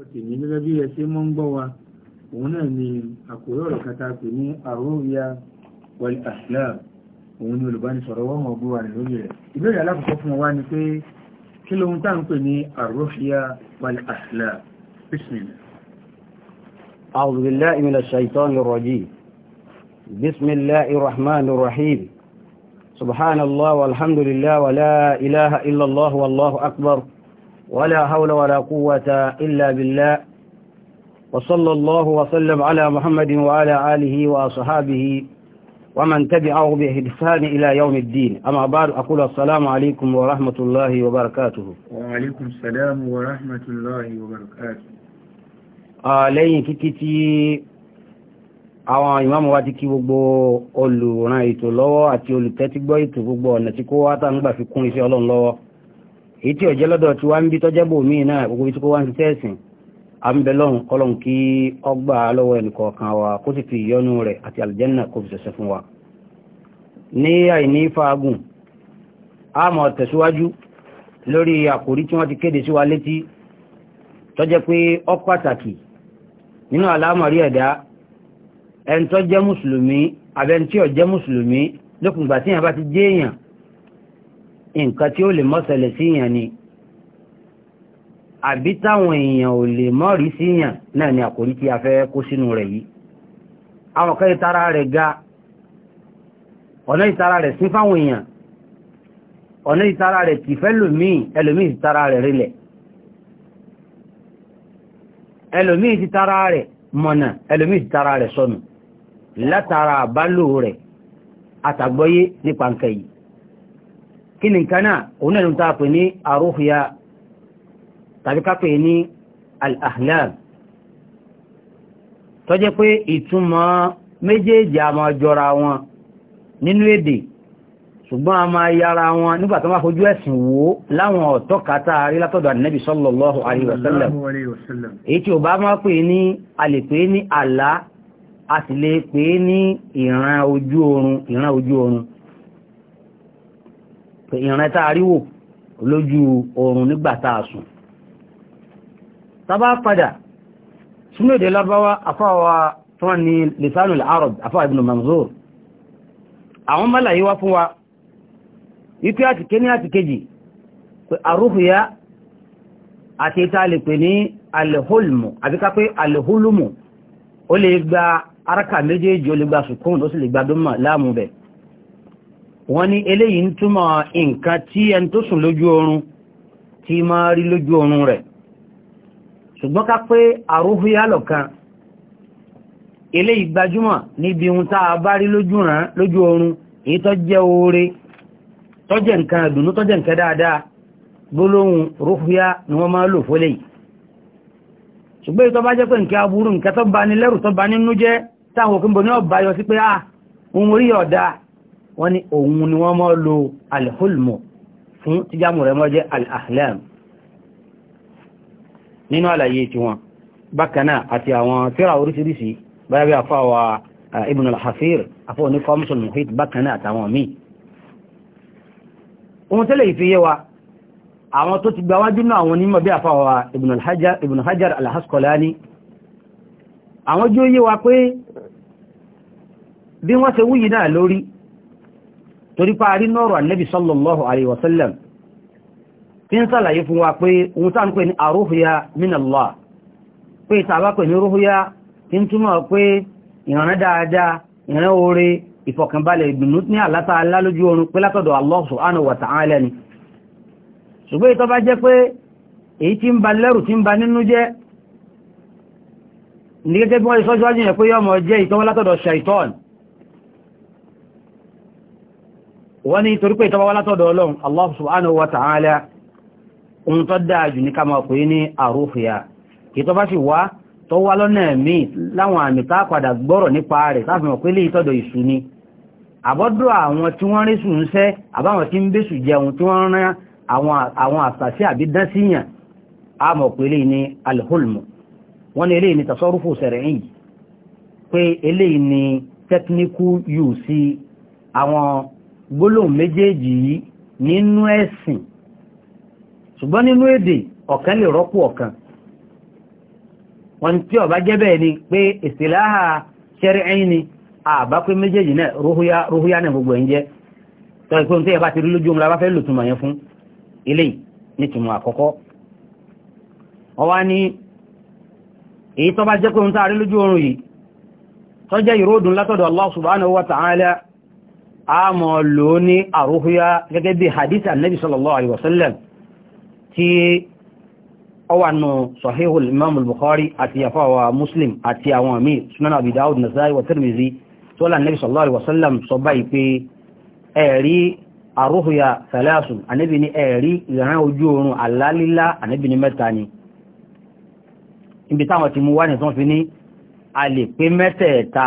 ó sì ní gẹ́gẹ́ bí ẹ ṣe mọ́ ń gbọ́ wa òun náà ni àkórí ọ̀rọ̀ kan tá a pè ní àróríà wal aslam òun ni olùbánisọ̀rọ̀ wọ́n mọ̀ bó wà lórí rẹ̀ ìbéèrè alákọ̀ọ́kọ́ fún wa ni pé kí lóhun tá à ń pè ní àróríà wal aslam bismillah. أعوذ بالله من الشيطان الرجيم بسم الله الرحمن الرحيم سبحان الله والحمد لله ولا إله ولا حول ولا قوة إلا بالله وصلى الله وسلم على محمد وعلى آله وأصحابه ومن تبعه بإحسان إلى يوم الدين أما بعد أقول السلام عليكم ورحمة الله وبركاته وعليكم السلام ورحمة الله وبركاته آلين kíkí tí àwọn ìmáàmù wa ti kí gbogbo olùràn ètò lọ́wọ́ àti olùtẹ́tígbọ́ ètò gbogbo ọ̀nà tí kó wá tàbí fi kún iṣẹ́ ọlọ́run lọ́wọ́ èyí tí ọ̀jẹ́ lọ́dọ̀ tí wọ́n ń bí tọ́jẹ́ bò míì náà gbogbo ibi tí kò wá ń ti tẹ́sìn àmbẹ̀lọ́hùn kọ́lọ̀n kí ọgbà lọ́wọ́ ẹnìkọ̀ọ̀kan wa kó sì fi ìyọ́nú rẹ̀ àti àlìjẹ́nà kó fi ṣẹ̀ṣẹ̀ fún wa ní àìní faagun a mọ̀ tẹ̀síwájú lórí àkòrí tí wọ́n ti kéde sí wa létí tọ́jẹ́ pé ó pàtàkì nínú àlámọ̀rí ẹ̀dá ẹni tó mùsùlùmí àbẹ́ni tí ò mùsùlùmí lókùngbà tí èèyàn bá ti jẹ́ èèyàn nǹkan tí ó lè mọ́sẹ̀lẹ̀ sí yàn ni àbí táwọn èèyàn ò lè mọ́rí sí yàn náà ni àkórí tí a fẹ́ kó sínú rẹ̀ yìí àwọn kan ìtara rẹ̀ ga ọ̀nà ìtara rẹ̀ sí fáwọn èèyàn ọ̀nà ìtara rẹ̀ ti fẹ́ lòmíì ẹlòmíì ti tara rẹ̀ rílẹ̀ ẹlòmíì ti tara rẹ̀ mọ̀nà ẹlòmíì ti tara rẹ̀ sọnù látara àbálò rẹ̀ àtàgbọ́yé nípa nǹkan yìí kí ni nǹkan náà òun náà ló ń ta pè ní àrùhìyà tàbí ká pè ní al-ahlal tó jẹ́ pé ìtumọ̀ méjèèjì a máa jọra wọn nínú èdè ṣùgbọ́n a máa yára wọn nígbà tó máa fojú ẹ̀sìn wò láwọn ọ̀tọ́ kátà rí látọ̀dọ̀ ànẹ́bì sallallahu alaihi pé ìran tá a ríwò lójú oorun nígbà tá a sùn tábà padà sínú èdè lábáwá afáwa tí wọ́n ní lisanul arab afáwa ibn manzur àwọn mọ́láyé wá fún wa wípé àti kéní àti kejì pé àrúhùyá àti ìta lè pè ní alìhólmù àbíká pé alìhólmù ó lè gba araka méjèèjì ó lè gba sùkún ó sì lè gba láàmù bẹ̀ wọ́n ní eléyìí ń túmọ̀ nǹkan tí ẹni tó sùn lójú oorun tí máa rí lójú oorun rẹ̀ ṣùgbọ́n ká pé àrúhúyá lọ̀kan eléyìí gbajúmọ̀ níbi ohun tá bá rí lójú oorun èyí tó jẹ́ oore tó nǹkan ìdùnnú tó nǹkan dáadáa gbólóhùn rúhúyá ni wọ́n máa lò fólè ṣùgbọ́n èyí tó bá jẹ́ pé nǹkan aburú nǹkan tó bá ní lẹ́rù tó bá nínú jẹ́ táwọn òkúńbọ̀ ní ọ̀bá yọ sí pé ah, wọ́n ní òun ni wọ́n mọ́ lo alhulmu fún tíjámù rẹ̀ mọ́ jẹ́ al'ahlam nínú àlàyé tí wọn bákaná àti àwọn tíra orísìírísìí báyá bí àfáwà ibn al-hafir àfáwà ní kọmṣùn muhit bákaná àtàwọn míì ohun tẹ́lẹ̀ ìfiyẹ wa àwọn tó ti gbáwájú náà àwọn onímọ̀ bí àfáwà ibn hajar al-Asqalani àwọn jí ó yé wa pé bí wọ́n ṣe wúyí náà lórí torí pa àrí nọ́rọ̀ annabi sallallahu alaihi wasallam fi ń sàlàyé fún wa pé ohun tá ń pè ní àrúhúyá mínàlá pé ìtàbá pè ní rúhúyá tí ń túmọ̀ pé ìrànlẹ́ dáadáa ìrànlẹ́ oore ìfọ̀kànbalẹ̀ ìdùnnú ní àlátà alálójú oorun pé látọ̀dọ̀ Allah subhanahu wa ta'ala ni ṣùgbọ́n ìtọ́ bá jẹ́ pé èyí tí ń ba wọ́n ní torí pé ìtọ́wà wá látọ̀dọ̀ ọlọ́run Allah subhanahu wa ta'ala ohun tó dáa jù ní ká máa pè ní àrùfìyà kì tó bá sì wá tó wá lọ́nà ẹ̀mí láwọn àmì tá padà gbọ́rọ̀ nípa rẹ̀ sáfihàn pé lè tọ́dọ̀ ìṣù ni àbọ́dọ̀ àwọn tí wọ́n rí sùn ń sẹ́ gbólóhùn méjèèjì yìí nínú ẹ̀sìn ṣùgbọ́n nínú èdè ọ̀kan lè rọ́pò ọ̀kan wọn tí ó bá ni pé ìsìláhà ṣẹ́rí ẹ̀yìn ni àbá pé méjèèjì náà rúhúyá rúhúyá náà gbogbo ẹ̀ ń jẹ́ tó ìpé ohun tí ẹ bá ti rí lójú lò ni èyí tó bá jẹ́ pé ohun a rí lójú oorun yìí tó ìròdùn látọ̀dọ̀ Allah a mọ̀ lò ní àrúhúyá gẹ́gẹ́ bí hadita nabi sallallahu alaihi wasallam tí ó wà nù sahihul imam al-bukhari àti yafawa muslim àti àwọn àmì sunan abi dawud nasai wa tirmidhi tó lá nabi sallallahu alaihi wasallam sọ báyìí pé ẹ̀rí àrúhúyá salasun anabi ni ẹ̀rí ìran ojú oorun àlálílá anabi a lè pé mẹ́tẹ̀ẹ̀ta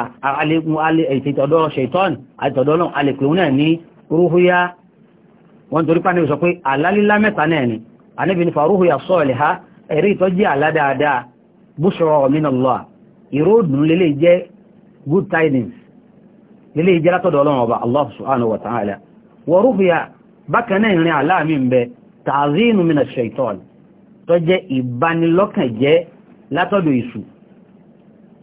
ìtọ̀dọ̀ ṣètọ́n àtọ̀dọ̀ náà a lè pé náà ní rúhúyá wọ́n torí pàdé sọ pé àlálílá mẹ́ta náà ni a níbi ní farúhúyá sọ́ọ̀lẹ̀ ha ẹ̀rí ìtọ́jí àládáadáa búṣọ̀rọ̀ minallah good tidings lélẹ̀ jẹ́ látọ̀dọ̀ ọlọ́run ọba Allah subhanahu wa ta'ala wọ rúhúyá bákan náà ìrìn àláàmì ń bẹ tààzínú minash shaitan tó jẹ́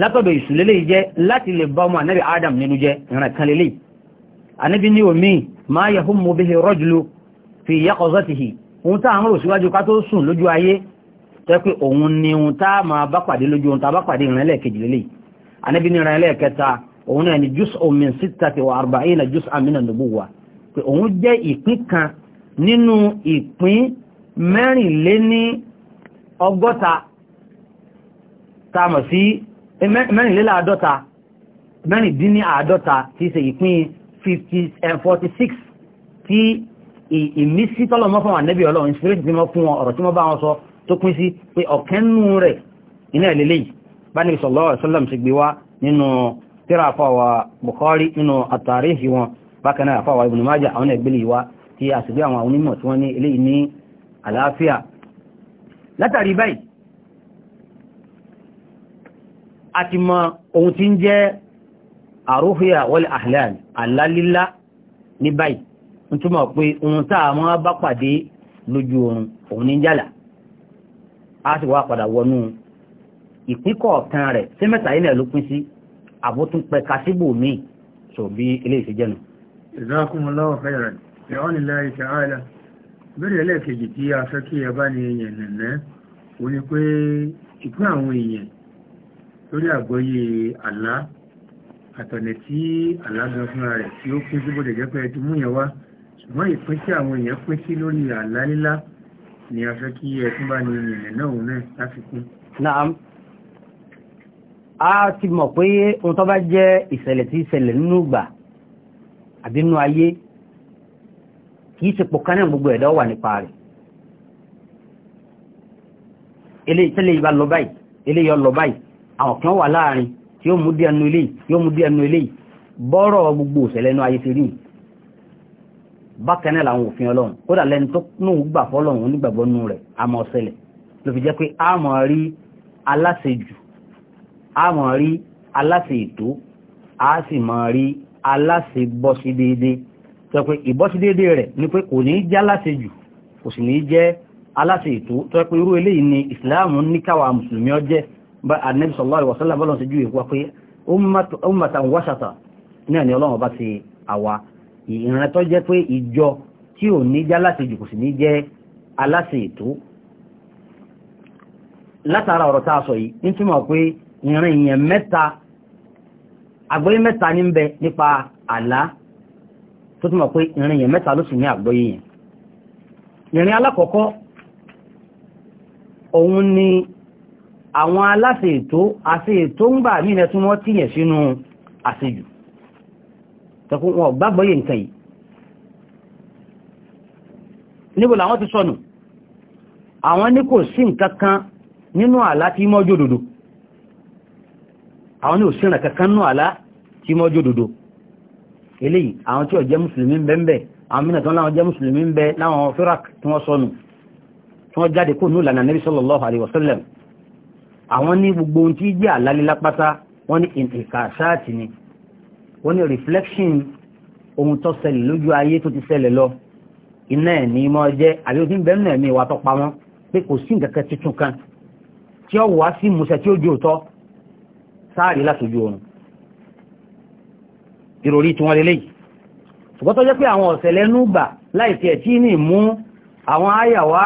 látọ̀dọ̀ ìṣùlélé jẹ́ láti lè bá ọmọ ànábì adam nínú jẹ́ ìran kan lélẹ̀ ànábì ní omi ma yahummu bihi rajulu fi yaqzatihi ohun tá à ń rò síwájú ká tó sùn lójú ayé tẹ́ pé òun ni ohun tá a máa bá pàdé lójú ohun tá bá pàdé ìran ẹlẹ́ẹ̀kejì lélẹ̀ ànábì ní ìran ẹlẹ́ẹ̀kẹta òun náà ni juz'un min sittati wa arba'ina juz'an min an-nubuwwa pé òun jẹ́ ìpín kan nínú ìpín mẹ́rìnléní ọgọ́ta tá a mọ̀ sí Eh, mẹ́rìnléláàádọ́ta mẹ́rìndínláàádọ́ta ti ṣe ìpín 46 eh, tí ìmísí tọ́lọ̀mọ́ fún ànẹ́bí ọlọ́run spirit ti mọ́ fún ọ̀rọ̀ tí mọ́ bá wọn sọ tó pín sí pé ọ̀kẹ́nú rẹ̀ iná ìlélẹ́ yìí bá ní sallallahu alaihi wasallam ṣe gbé wá nínú tíra àfọwà Bukhari nínú àtàríhì wọn bákan náà àfọwà Ibn Majah àwọn ẹgbẹ́lẹ̀ ìwá tí a sì gbé àwọn onímọ̀ tí wọ́n àti mọ ohun tí ń jẹ́ àrúfíà wal ahlan àlálílá ní báyìí ń túmọ̀ pé ohun tá a máa bá pàdé lójú oorun òun ní jàlá a sì wá padà wọnú ìpín kọ̀ọ̀kan rẹ̀ sí mẹ́ta yìí náà ló pín sí àbótún pẹ̀ka síbò míì sọ bí ilé ìṣẹ́jẹ́nu. Jazakumullahu ìpín àwọn èèyàn lórí àgbọ́yé àlá àtọ̀nà tí àlá gan fúnra rẹ̀ tí ó pín síbòdè jẹ́ pé ẹtù mú yẹn wá ṣùgbọ́n ìpín tí àwọn èèyàn pín sí lórí àlá lílá ni a fẹ́ kí ẹtún bá ní ìrìnlẹ̀ náà òun náà láfikún. naam a ti mọ̀ pé ohun tó bá jẹ́ ìṣẹ̀lẹ̀ tí ìṣẹ̀lẹ̀ nínú ìgbà àbí nínú ayé kì í ṣe pọ̀ kánẹ̀ gbogbo ẹ̀dá wà nípa rẹ̀ eléyìí tẹ́lẹ̀ yìí bá lọ báyìí eléyìí ọ àwọn kan wà láàrin tí ó mú dí ẹnu ilé yóò mú dí ẹnu ilé bọ́rọ̀ gbogbo òṣèlẹ̀ inú ayé ti rí bákan náà làwọn òfin ọlọ́run kódà lẹni tó nùhù gbà fọ́lọ́run onígbàgbọ́ nù rẹ̀ àmọ́ ọ̀sẹ̀lẹ̀ ló fi jẹ́ pé àmọ́ rí aláṣejù a sì mọ̀ rí aláṣe bọ́sí déédé tó pé ìbọ́sí déédé rẹ̀ ni pé kò ní jẹ́ aláṣejù kò sì ní jẹ́ aláṣe bá ànábì sallallahu alaihi wasallam bọ́lọ̀ sí ju ìwà pé ummatan wasata náà ni ọlọ́run bá ti àwa ìran tó jẹ́ pé ìjọ tí ò ní já láti jù kò sì ní jẹ́ aláṣẹ ètò látara ọ̀rọ̀ tá a sọ yìí pé ìrìn èèyàn mẹ́ta ló sì ní ìrìn alákọ̀ọ́kọ́ òun ni àwọn aláṣẹ ètò àṣẹ ètò ń gbà nílẹ̀ tí wọ́n tíyẹ̀ sínú àṣejù tẹkùn wọn gbàgbọ́yẹ̀ nǹkan yìí níbo làwọn ti sọnù àwọn ní kò sí nǹkan kan nínú àlá tí mọ́ jòdòdó àwọn ní òsìnà kankan nínú àlá tí mọ́ jòdòdó eléyìí àwọn tí ó jẹ́ mùsùlùmí bẹ́ẹ̀ àwọn mìíràn tó láwọn jẹ́ mùsùlùmí bẹ́ẹ̀ láwọn àwọn ní gbogbo ohun tí jẹ́ àlálélápátá wọ́n ní ìkàṣáàtì ni wọ́n ní reflection ohun tó ṣẹlẹ̀ lójú ayé tó ti ṣẹlẹ̀ lọ iná ẹ̀ ní mọ́ jẹ́ àbí o ti ń bẹ̀rù náà mi wà tó pa wọ́n pé kò sí nǹkan kan tuntun kan tí ó wá sí musẹ̀ tí ó ju òótọ́ sáàrí látòjú oorun ìròrí tí wọ́n lélẹ́yìí ṣùgbọ́n tó jẹ́ pé àwọn ọ̀sẹ̀ lẹ́nu gbà láì tiẹ̀ tí ní mú àwọn àyà wa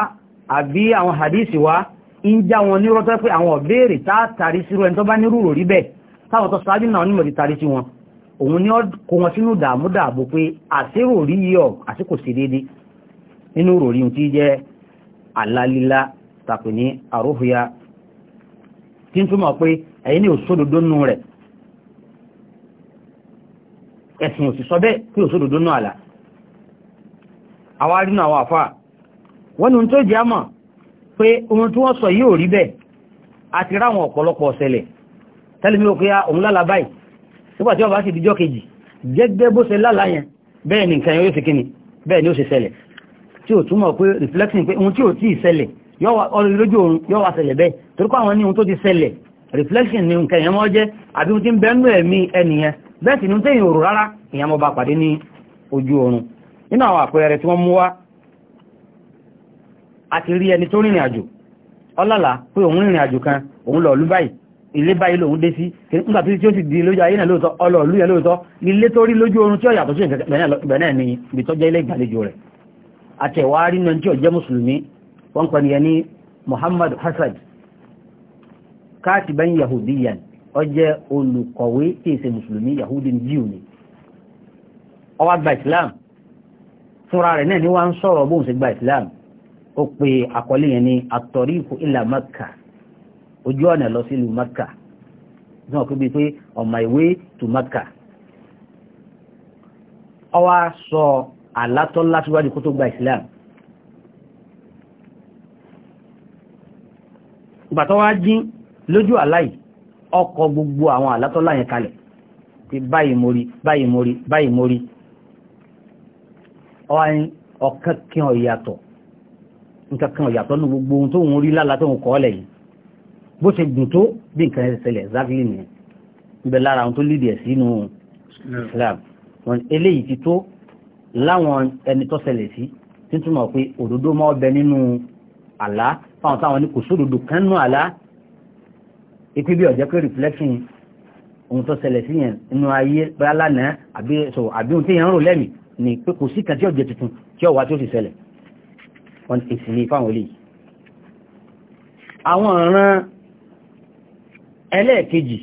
àbí àwọn hadisi wa ń já wọn ní rọ́tọ́ pé àwọn ọ̀bẹ́ẹ̀rì tá tàrí sírò ẹni tó bá nírú rò rí bẹ́ẹ̀ táwọn tó sáájú náà nímọ̀ tàrí sí wọn òun ni ó kó wọn sínú dààmú dààbò pé àṣírò rí yíọ̀ àti kò sí déédé nínú rò rí tí jẹ́ àlálílá tàpé ní àróhùyá tí ń túmọ̀ pé ẹ̀yìn ni òṣòdodo nù rẹ̀ ẹ̀sìn òsì bẹ́ẹ̀ pé òṣòdodo nù àlà àwa nù àwọn àfà wọn ni ohun tó jẹ́ àmọ́ pé ohun tí wọ́n sọ yìí ò rí bẹ́ẹ̀ àti ráwọn ọ̀pọ̀lọpọ̀ ọ̀sẹ̀lẹ̀ tẹ́lẹ̀ mi ò pé ah, òun lálàá báyìí nígbà tí wọ́n bá sì dijọ́ kejì gẹ́gẹ́ bó ṣe lálàá yẹn bẹ́ẹ̀ ni nǹkan yóò ṣe kíni bẹ́ẹ̀ ni ó ṣe ṣẹlẹ̀ tí ò túmọ̀ pé reflection pé ohun tí ò tí ì ṣẹlẹ̀ lójú oorun yóò wá ṣẹlẹ̀ bẹ́ẹ̀ torí pé àwọn ní ohun tó ti ṣẹlẹ̀ reflection ni nǹkan yẹn mọ́ jẹ́ àbí ohun tí ń bẹ́nu ẹ̀mí ẹnìyẹn bẹ́ẹ̀ sì ni tẹ́yìn òru rárá ìyẹn pàdé ní ojú oorun nínú àwọn àpẹẹrẹ tí wọ́n mú wá àti rí ẹni tó rìnrìn àjò ọlọ́lá pé òun rìnrìn àjò kan òun lọ ìlú báyìí ilé báyìí lòun dé sí nígbà tí ó sì di lójú ayé náà lóòótọ́ ọlọ́ọ̀lú yẹn lóòótọ́ ilé tó rí lójú oorun tí ó yàtọ̀ sí ìgbẹ̀ náà ni ibi tó jẹ́ ilé ìgbàlejò rẹ̀ àtẹ̀wárí náà tí ó jẹ́ mùsùlùmí wọ́n pẹ̀ ní ẹni Muhammad Hassad katiban yahudiyan ó ó pe àkọlé yẹn ní at-tariqu ila Makka ojú ọ̀nà lọ sílùú Makka náà kó bíi pé on my way to Makka ọwọ́ sọ àlátọ́ láti wádìí kó tó gba Islam ìgbà tó wá jí lójú àláì ọkọ̀ gbogbo àwọn àlátọ́lá yẹn kalẹ̀ pé báyìí mórí báyìí mórí báyìí mórí ọ̀kan kí ọ yàtọ̀ nǹkan kan ọ̀yàtọ̀ ní gbogbo ohun tó ń rí lára tó ń kọ́ lẹ̀ yìí bó ṣe gùn tó bí nǹkan ẹ̀ ṣẹlẹ̀ exactly nìyẹn níbẹ̀ lára ohun tó lè dẹ̀ sínú Islam wọn eléyìí ti tó láwọn ẹni tó ṣẹlẹ̀ sí títúmọ̀ pé òdodo máa bẹ nínú àlá fáwọn táwọn ní kò sódodo kan nínú àlá ipi bí ọ̀jẹ́ pé reflection ohun tó ṣẹlẹ̀ sí yẹn inú ayé bá lánàá àbí ohun tí yẹn ń rò lẹ́mìí ni pé kò sí kan tí ọ̀jẹ́ tuntun tí ọ̀wá tí ó sì ṣẹlẹ̀ one eighty ní fáwọn olè àwọn ọ̀ràn ẹlẹ́ẹ̀kejì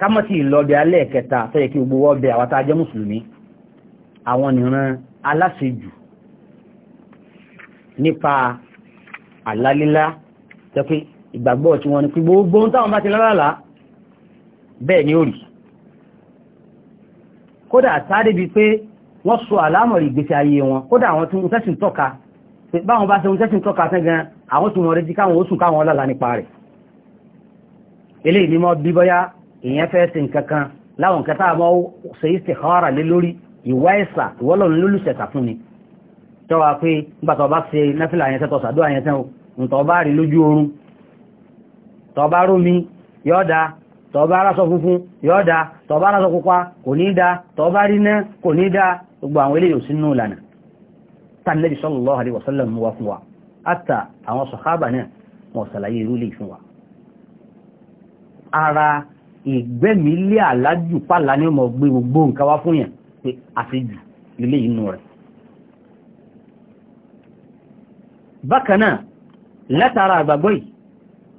kámọ́tì ìlọ́bẹ̀ alẹ́ẹ̀kẹta tó yẹ kí gbogbo wọ́bẹ̀ àwọn tá a jẹ́ mùsùlùmí àwọn nìran aláṣejù nípa àlálílá tó pé ìgbàgbọ́ tí wọ́n ní pé gbogbo ohun táwọn bá ti lálàlá bẹ́ẹ̀ ni ó rí kódà sáré bíi pé wọ́n sọ àlámọ̀rí ìgbésí ayé wọn kódà àwọn tí wọ́n fẹ́sìn tọ́ka báwọn bá sẹ́wọ́n tẹ́sìn tọ́ka sẹ́ gan àwọn tún mọ̀rẹ́ jí káwọn ó sùn káwọn ọlọ́la nípa rẹ̀ ilé ìnímọ̀ bí bọ́yá ìyẹn fẹ́ sí nǹkan kan láwọn nǹkan táà mọ́ ṣe istikhara lé lórí ìwá ẹ̀sà ìwọ́lọ́run lólùsẹ̀sà fún ni tọ́wà pé nígbà tó bá ṣe náfìlà yẹn tẹ́tọ̀ sàdó àyẹn tẹ́ ń tọ́ bá rí lójú oorun tọ́ bá rómi yọ́ọ̀dá tàbí sallallahu alaihi wasallam mú wa fún wa àtà àwọn sọ̀hábà náà wọ́n sàlàyé irú lè fún wa ara ìgbẹ́mílé àlájù pàlà ní ọmọ gbé gbogbo nǹkan wá fún yẹn pé àfijù ilé inú rẹ̀ bákanáà látara àgbàgbọ́ yìí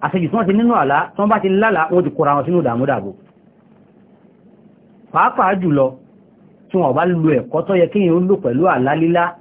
àfijù tí wọ́n ti nínú àlá tí wọ́n bá ti lálàá wọ́n ti kóra wọn sínú dàmúdàbò pàápàá jùlọ tí wọ́n bá lo ẹ̀kọ́ tó yẹ kéèyàn ó lò pẹ̀lú àlá lílá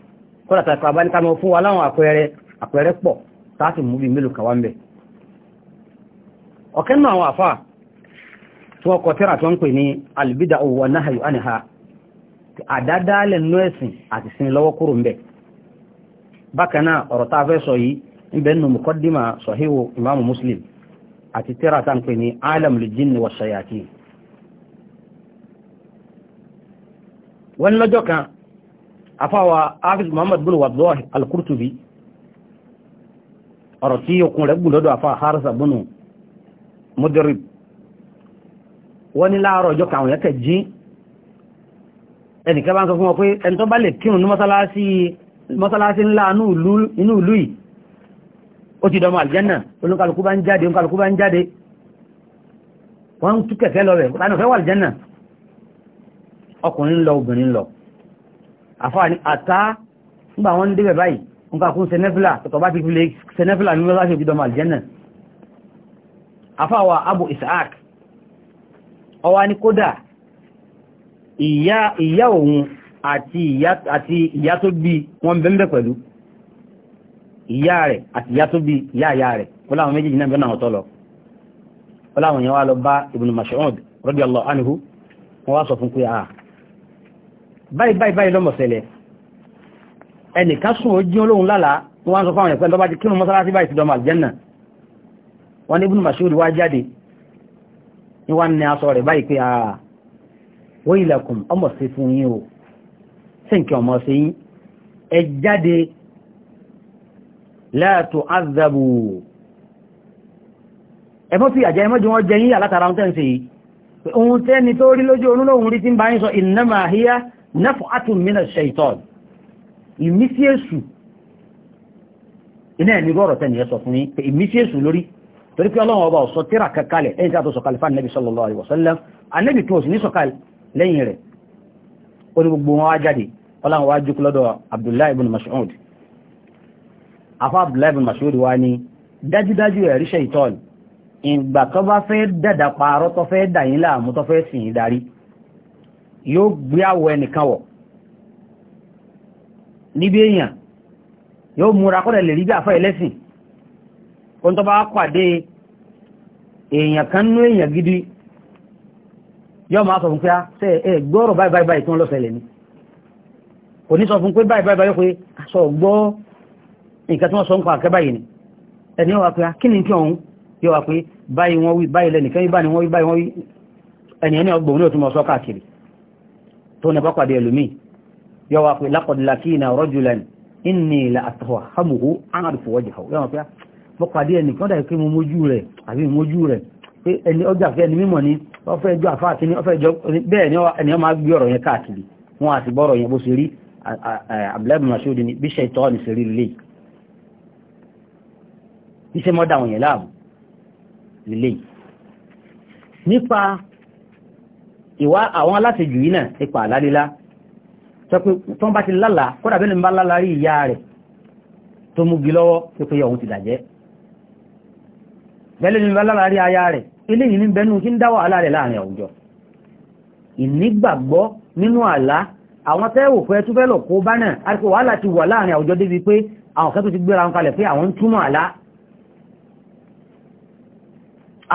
kọ́lá tàbí abáníká mọ́ fún wa láwọn àpẹẹrẹ àpẹẹrẹ pọ̀ táàtì mú bí mélòó kàwá ń bẹ̀ ọ̀kẹ́ náà àwọn àfáà tí wọ́n kọ tẹ́rà tí wọ́n ń pè ní alìbídà owó náhàyò àníhà àdádálẹ̀ nú ẹ̀sìn àti sin muslim àti tẹ́rà tá ń pè ní alamul wa shayatin wọ́n lọ́jọ́ kan afáwa hafiz muhammad bin wabdullah al-kurtubi ọ̀rọ̀ tí okùn rẹ̀ gùn lọ́dọ̀ afá harisa bin mudarib wọ́n ní láàárọ̀ ọjọ́ kàwọn yẹ́kẹ̀ jí ẹnìkan bá ń sọ fún wọn pé ẹni tó bá lè kírun ní mọ́sálásí ńlá inú ìlú yìí ó ti dọmọ àlìjẹ́nà olúkàlùkù bá ń jáde olúkàlùkù bá ń jáde wọ́n ń tú lọ rẹ̀ àfáà ní àtá nígbà wọ́n ń débẹ̀ báyìí nǹkan kún senefila tọ̀tọ̀ bá ti fi lè senefila ní wọ́n ṣe dọ́mà àfáà wa abu isaac ọwá ní kódà ìyá òun àti ìyá tó bí wọn bẹ́m̀bẹ̀ pẹ̀lú ìyá rẹ̀ àti ìyá tó bí ìyá ìyá rẹ̀ ọláwọn méjèèjì náà bẹ́nà ọ̀tọ́ lọ ọláwọn yẹn wá lọ bá ibn Mas'ud radiyallahu anhu wọ́n wá sọ fún pé àà ah, báyìí báyìí báyìí lọ́mọ̀ sẹlẹ̀ ẹnìkan sùn ó jí olóhun lálàá wọ́n wá ń sọ fáwọn ẹ̀pẹ́ lọ́bá ti kírun mọ́sálásí báyìí ti dọ́mà àlùjẹ́nà wọ́n ní ibùdó màṣúrì wá jáde ní wọ́n ní aṣọ rẹ̀ báyìí pé àà wọ́n ilẹ̀kùn ọmọ sí fún yín o sí nǹkan ọmọ sí yín ẹ jáde láàtò azabu ẹ mọ́ fi àjẹ́ mọ́jú wọn jẹ yín alátara ń tẹ́ ń sè yìí ohun tẹ́ni tó rí lójú olúlóhun rí ti ń bá yín sọ ìnámà àhíyá naf'atun mina shaitan ìmísí èṣù iná ẹni rọrọ̀ tẹ́ni ẹ sọ fún yín pé ìmísí èṣù lórí torí pé ọlọ́run ọba ọ̀sọ́ tíra kankalẹ̀ ẹni tí a tó sọ̀kalẹ̀ fún anabi sallallahu alaihi wasallam anabi tó sì ní sọ̀kalẹ̀ lẹ́yìn rẹ̀ ó ní gbogbo wọn wá jáde ọlọ́run wá jókòó lọ́dọ̀ abdullahi ibn mas'ud afa abdullahi ibn ìgbà tó bá fẹ́ dàdà pààrọ̀ tó fẹ́ dà yín láàmú tó fẹ́ sìn yín yóò gbé àwọ̀ ẹnìkan wọ̀ níbi èèyàn yóò múra kọ́dẹ̀ lè rí bí àfẹ́ ẹlẹ́sìn kó tó bá pàdé èèyàn kan nú èèyàn gidi yóò máa sọ fún pé á ah, ẹ gbọ́rọ̀ báyìí tó ń lọ́sẹ̀lẹ̀ ni kò ní sọ fún pé báyìí báyìí báyìí pé ah, sọ gbọ́ ni ẹni wà pé ah, kí ni kí òun yóò wà pé báyìí wọ́n wí báyìí lẹ́nìkan yìí báyìí wọ́n wí báyìí ẹni ẹni ọgbọ̀n ní òtún mọ̀ sọ káàkiri tó ní bá pàdé ẹlòmíì yóò wá pé laqad lakina rajulan inni la atahamuhu a'rifu wajhahu yóò wá pé ah, mo pàdé ẹnì kan dàbí pé mo mójú rẹ̀ àbí mójú rẹ̀ pé ẹni ọjà fẹ́ ẹni mímọ̀ ni wọ́n fẹ́ jọ àfáà kí ni wọ́n fẹ́ jọ bẹ́ẹ̀ ni ẹni ọmọ agbé wọn àti bọ́ọ̀rọ̀ lè lè nípa ìwá àwọn aláṣejù yìí náà ipa àlálílá tó ń bá ti lálàá kódà bẹ́ẹ̀ ni bá lálàá rí ìyá rẹ̀ tó mú gi lọ́wọ́ tó pé ọ̀hún ti dàjẹ́ bẹ́ẹ̀ ni bá lálàá rí aya rẹ̀ ilé yìí ní bẹnu kí ń dá wàhálà rẹ̀ láàrin àwùjọ ìnígbàgbọ́ nínú àlá àwọn tẹ́wò fẹ́ tó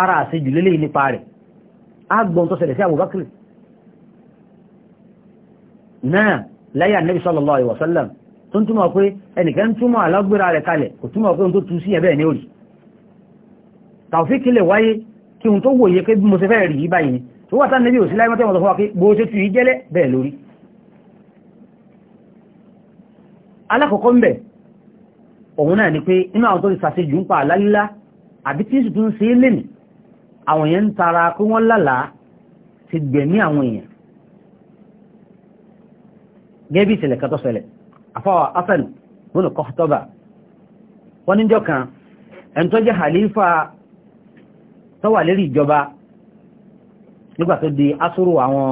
ara àṣejù lélẹ́yìn nípa rẹ̀ agbọn tó ṣẹlẹ̀ sí Abubakar náà lẹ́yà Nabi sallallahu alaihi wasallam tó ń túmọ̀ pé ẹnìkan túmọ̀ alágbèrà rẹ̀ kalẹ̀ kò túmọ̀ pé ohun tó tú sí ẹ̀bẹ̀ ní òrì tàwífíkì lè wáyé kí ohun tó wòye pé bí mo ṣe fẹ́ rí yí báyìí tó wà tánàbí ò sí láyé mọ́tẹ́wọ̀n tó fún wa pé bó ṣe tú yí jẹ́lẹ̀ bẹ́ẹ̀ lórí òun náà ni pé inú àwọn tó ti sàṣejù ń pa àlálílá àbí tí sì tún ṣe é àwọn èèyàn ń tara pé wọ́n lálàá ti gbẹ̀mí àwọn èèyàn gẹ́bí ìṣẹ̀lẹ̀ kan tó ṣẹlẹ̀ àfọwà afẹ́n múnú kọ́tọ́bà wọ́n níjọ́ kan ẹni tó jẹ́ halifa tó wà lérí ìjọba nígbà tó di asúrù àwọn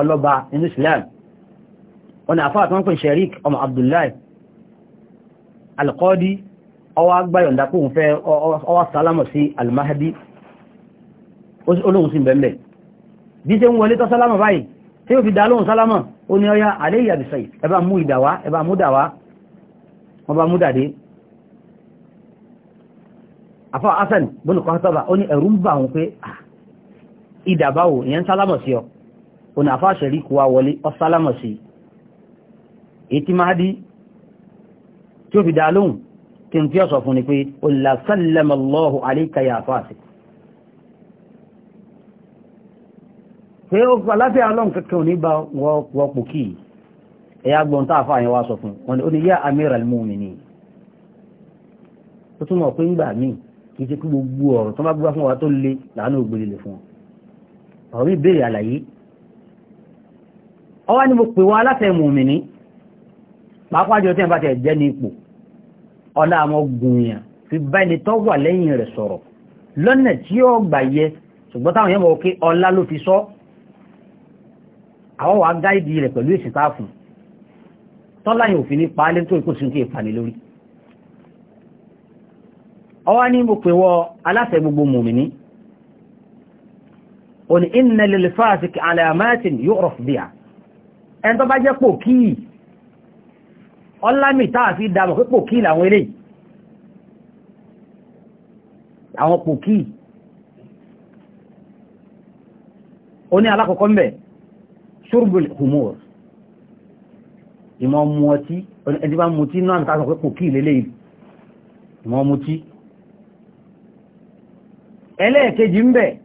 ọlọ́ba nínú islam wọ́n ni àfọwà tó ń pè sherik ọmọ abdullahi alkọ́dí ọwọ́ agbáyọ̀ndà kóhun fẹ́ ọwọ́ sálámọ̀ sí almahadi olóhun sí bẹ̀m̀bẹ̀ bí ṣe ń wọlé tọ́ sálámà báyìí tí ó fi dá lóhun sálámà ó ní ọya alẹ́ ìyàbìsọ̀ ẹ bá mú ìdàwá ẹ bá mú dàwá wọ́n bá mú dàdé afọ asan bónú kan sọ́bà ó ní ẹ̀rú ń bà wọn pé ah, ìdàbáwò ìyẹn sálámà sí ọ ó ní afọ tí ó fi dá lóhun tí ń fi ọ̀sọ̀ fún ni pé ó lásán lẹ́mọ̀ lọ́hùn pé ó gbà láfíà ọlọ́run kankan ò ní bá wọ́pọ̀ kí ẹ̀yà gbọ́n tá àfáà yẹn wá sọ fún wọn ni yá amir al-mumini ó túnmọ̀ pé ń gbà míì kì í ṣe gbogbo ọ̀rọ̀ tó bá gbá fún wa tó le láàánú ògbélé fún ọ ọ̀rọ̀ mi àlàyé ọwá ni mo pè wá aláṣẹ mùmìnì pàápàá jọ tí wọn bá tẹ̀ jẹ́ ní ipò ọ̀la àwọn gùnyàn fi bá ẹni tó àwọn wà gáìdì rẹ̀ pẹ̀lú ìṣẹ̀tà fún tọ́láyìn òfin ní paálé tó ìkó sínkú ìpàdé lórí ọwá ní mo pè wọ aláṣẹ gbogbo mòmìnì òní inna lil fasik alamatin yu'raf biha ẹni tó bá jẹ́ pò kíì àwọn pò kíì ó ní alákọ̀ọ́kọ́ mbẹ̀ ṣúrbùl humor ìmọ̀ mu ọtí ẹni bá mu tí náà tàbí pé kò kí ìlélẹ̀ ìmọ̀ mu tí ẹlẹ́ẹ̀kejì ń bẹ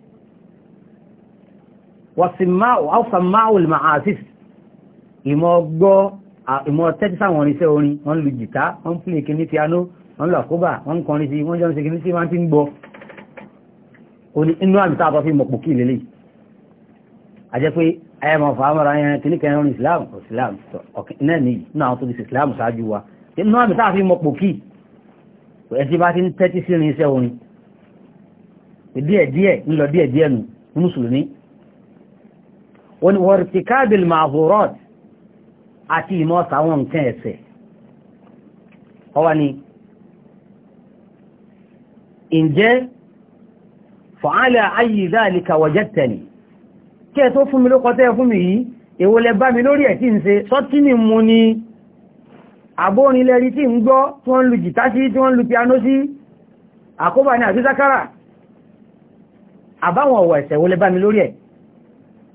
wàsàmáwòl ma'asif ìmọ̀ gbọ́ ìmọ̀ tẹ́tí sáwọn orinṣẹ́ orin wọ́n lu jìtá wọ́n pílè kí ní piano wọ́n lọ àkóbà wọ́n kọrin sí wọ́n jọ ń ẹ mọ̀ fàámọ́ra yẹn kìíní kan ẹ̀rùn islam islam náà ní náà tó di islam ṣáájú wa nínú àmì táà fi mọ pò kí ẹtí bá ti ń tẹ́tí sí ní iṣẹ́ orin díẹ̀ díẹ̀ ńlọ díẹ̀ díẹ̀ nù ní mùsùlùmí wọ̀rìtìkábìl mahorot àti ìmọ̀ sáwọn nǹkan ẹ̀sẹ̀ ọwá ni ǹjẹ́ fa'ala ayyi dhalika wajadtani kí ẹ tó fún mi ló kọtẹ́ fún mi yìí èwo lẹ bá mi lórí ẹ̀ tí ń ṣe sọ́tí ni mo ni àbórinlẹ́rí tí ń gbọ́ tí wọ́n lu jìtá sí tí wọ́n lu piano sí àkóbà ní àti sákàrà àbáwọn ọ̀wọ̀ ẹ̀ṣẹ̀ wo lẹ bá mi lórí ẹ̀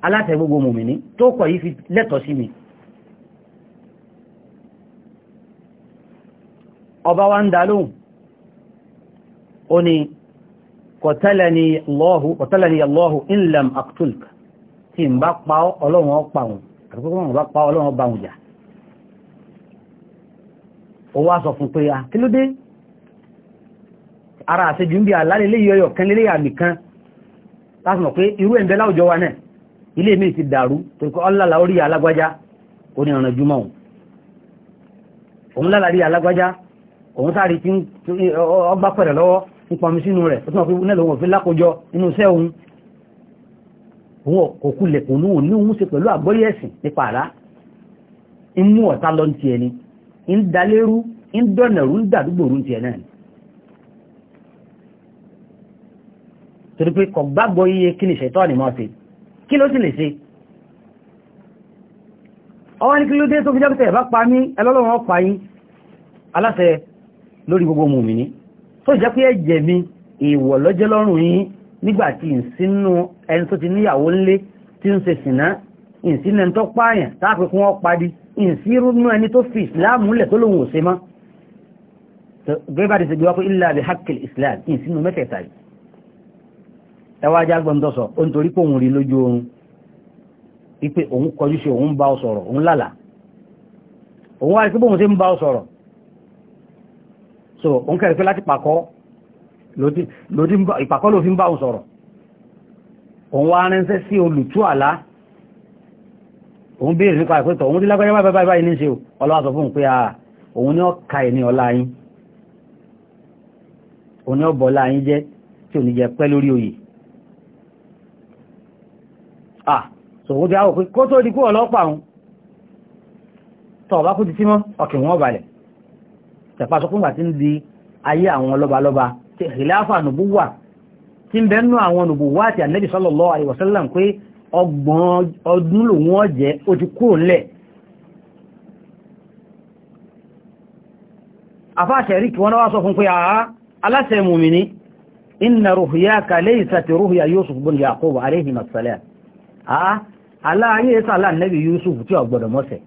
aláṣẹ gbogbo mòmìnì tó kọ̀ yìí fi lẹ́tọ̀ sí mi ọba wa ń dá lóhùn ó ní kọ̀tẹ́lẹ̀ ni Allahu in lam aqtulka tí ń bá pa ọ́ ọlọ́run ọ́ pa òun àti pé wọ́n bá pa ọlọ́run ọba òun jà ó wá sọ fún pé kí ló dé ara àṣejù ń bí àlálẹ́lẹ́ yọyọ̀ kan lélẹ́ àmì kan láti mọ̀ pé irú ẹ̀ ń bẹ láwùjọ wa náà ilé mi ti dàrú tó kọ́ ọ́lálà orí alágbájá ó ní ọ̀nà jùmọ̀ òun lálàrí alágbájá òun sáàrí tí ọgbà pẹ̀rẹ̀ lọ́wọ́ ń pọnmi sínú rẹ̀ ó tún wọ́n fi lákòjọ nínú iṣẹ́ òun wọn kò kulẹ̀kùn ní òun ní òun ṣe pẹ̀lú àgbọ́yé ẹ̀sìn nípa àrá ń mú ọ̀tá lọ ti ẹni ń dalérú ń dọ̀nàrú ń dàdúgbòrú ti ẹ̀ ni torí pé kò gbàgbọ́ iye kí ni ṣètọ́ ni máa ṣe kí ló sì lè ṣe ọwọ́ ní kí ló dé tó fi jẹ́pẹ̀tẹ̀ bá pa pa ní nígbàtí ìsínú ẹni tó ti níyàwó ńlé tí ń ṣe sìná ìsínú ẹni tó pààyàn táàfi kún ọ padì ìsírúnú ẹni tó fi ìsìláàmù lẹ̀ tó lòun ò ṣe mọ́ gẹ́gẹ́ bá ti ṣe gbé wá pé illa bi haqqil islam ìsínú mẹ́tẹ̀ẹ̀ta yìí ẹwà ajá gbọ́n tọ́sọ̀ ó ń torí pé òun ìpàkọ́ ló fi ń bá òun sọ̀rọ̀ òun wá ránṣẹ́ sí olùtú àlá òun béèrè nípa ìpẹ́tọ̀ òun dílágbẹ́yẹ́ bá báyìí báyìí ní ṣe ọlọ́wà sọ fún pé òun ni ó ka ẹni ọlá yín òun ni ó bọ̀ ọlá yín jẹ́ tí ò ní jẹ pẹ́ lórí ah sòwò jẹ́ àwọ̀ pé kó tó di kú ọlọ́pàá òun tọ̀ ọ̀bá kú ti símọ́ ọkẹ̀ wọn balẹ̀ tẹ̀pá sọ fún ìgbà tí ń di ayé àwọn lọ́balọ́ba khilafa nubuwa tí ń bẹ́nu àwọn nubuwa àti ànábì sallallahu alaihi wasallam pé ọgbọ̀n ọdún lòun ọ̀jẹ́ ó ti kúrò ńlẹ̀ afáṣẹ̀rí kí wọ́n wá sọ fún pé àá aláṣẹ mùmìnì inna ruhiyaka laysat ruhiya yusuf bin yaqub alayhi assalam àá aláàyè sàlá ànábì yusuf tí ọgbọ̀dọ̀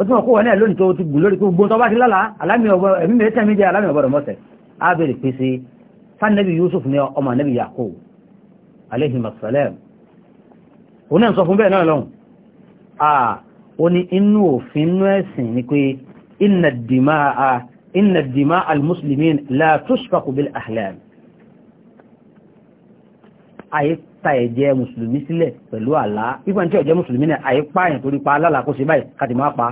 ó tún ọkọ̀ wọn náà lónìí tó ti gùn lórí gbogbo tó bá ti lọ́la alámi ọgbọ ẹ̀mí mi tẹ̀mí jẹ́ alámi ọgbọ̀rọ̀ mọ́sẹ̀ á bèrè pé sí sanabi Yusuf ní ọmọ anabi Yakub aleyhi masalem òun náà sọ fún bẹ́ẹ̀ náà lọ́hùn ó ní inú òfin inú ẹ̀sìn ni pé inna dimaa inna dimaa al-muslimin la tushfaqu bil ahlam àyíká ẹ̀jẹ̀ mùsùlùmí sílẹ̀ pẹ̀lú àlá ìfẹ́ tí ọ̀jẹ́ mùsùlùmí náà àyíká àyàn torí pa alálàkóṣe báyìí kàtìmọ́ pa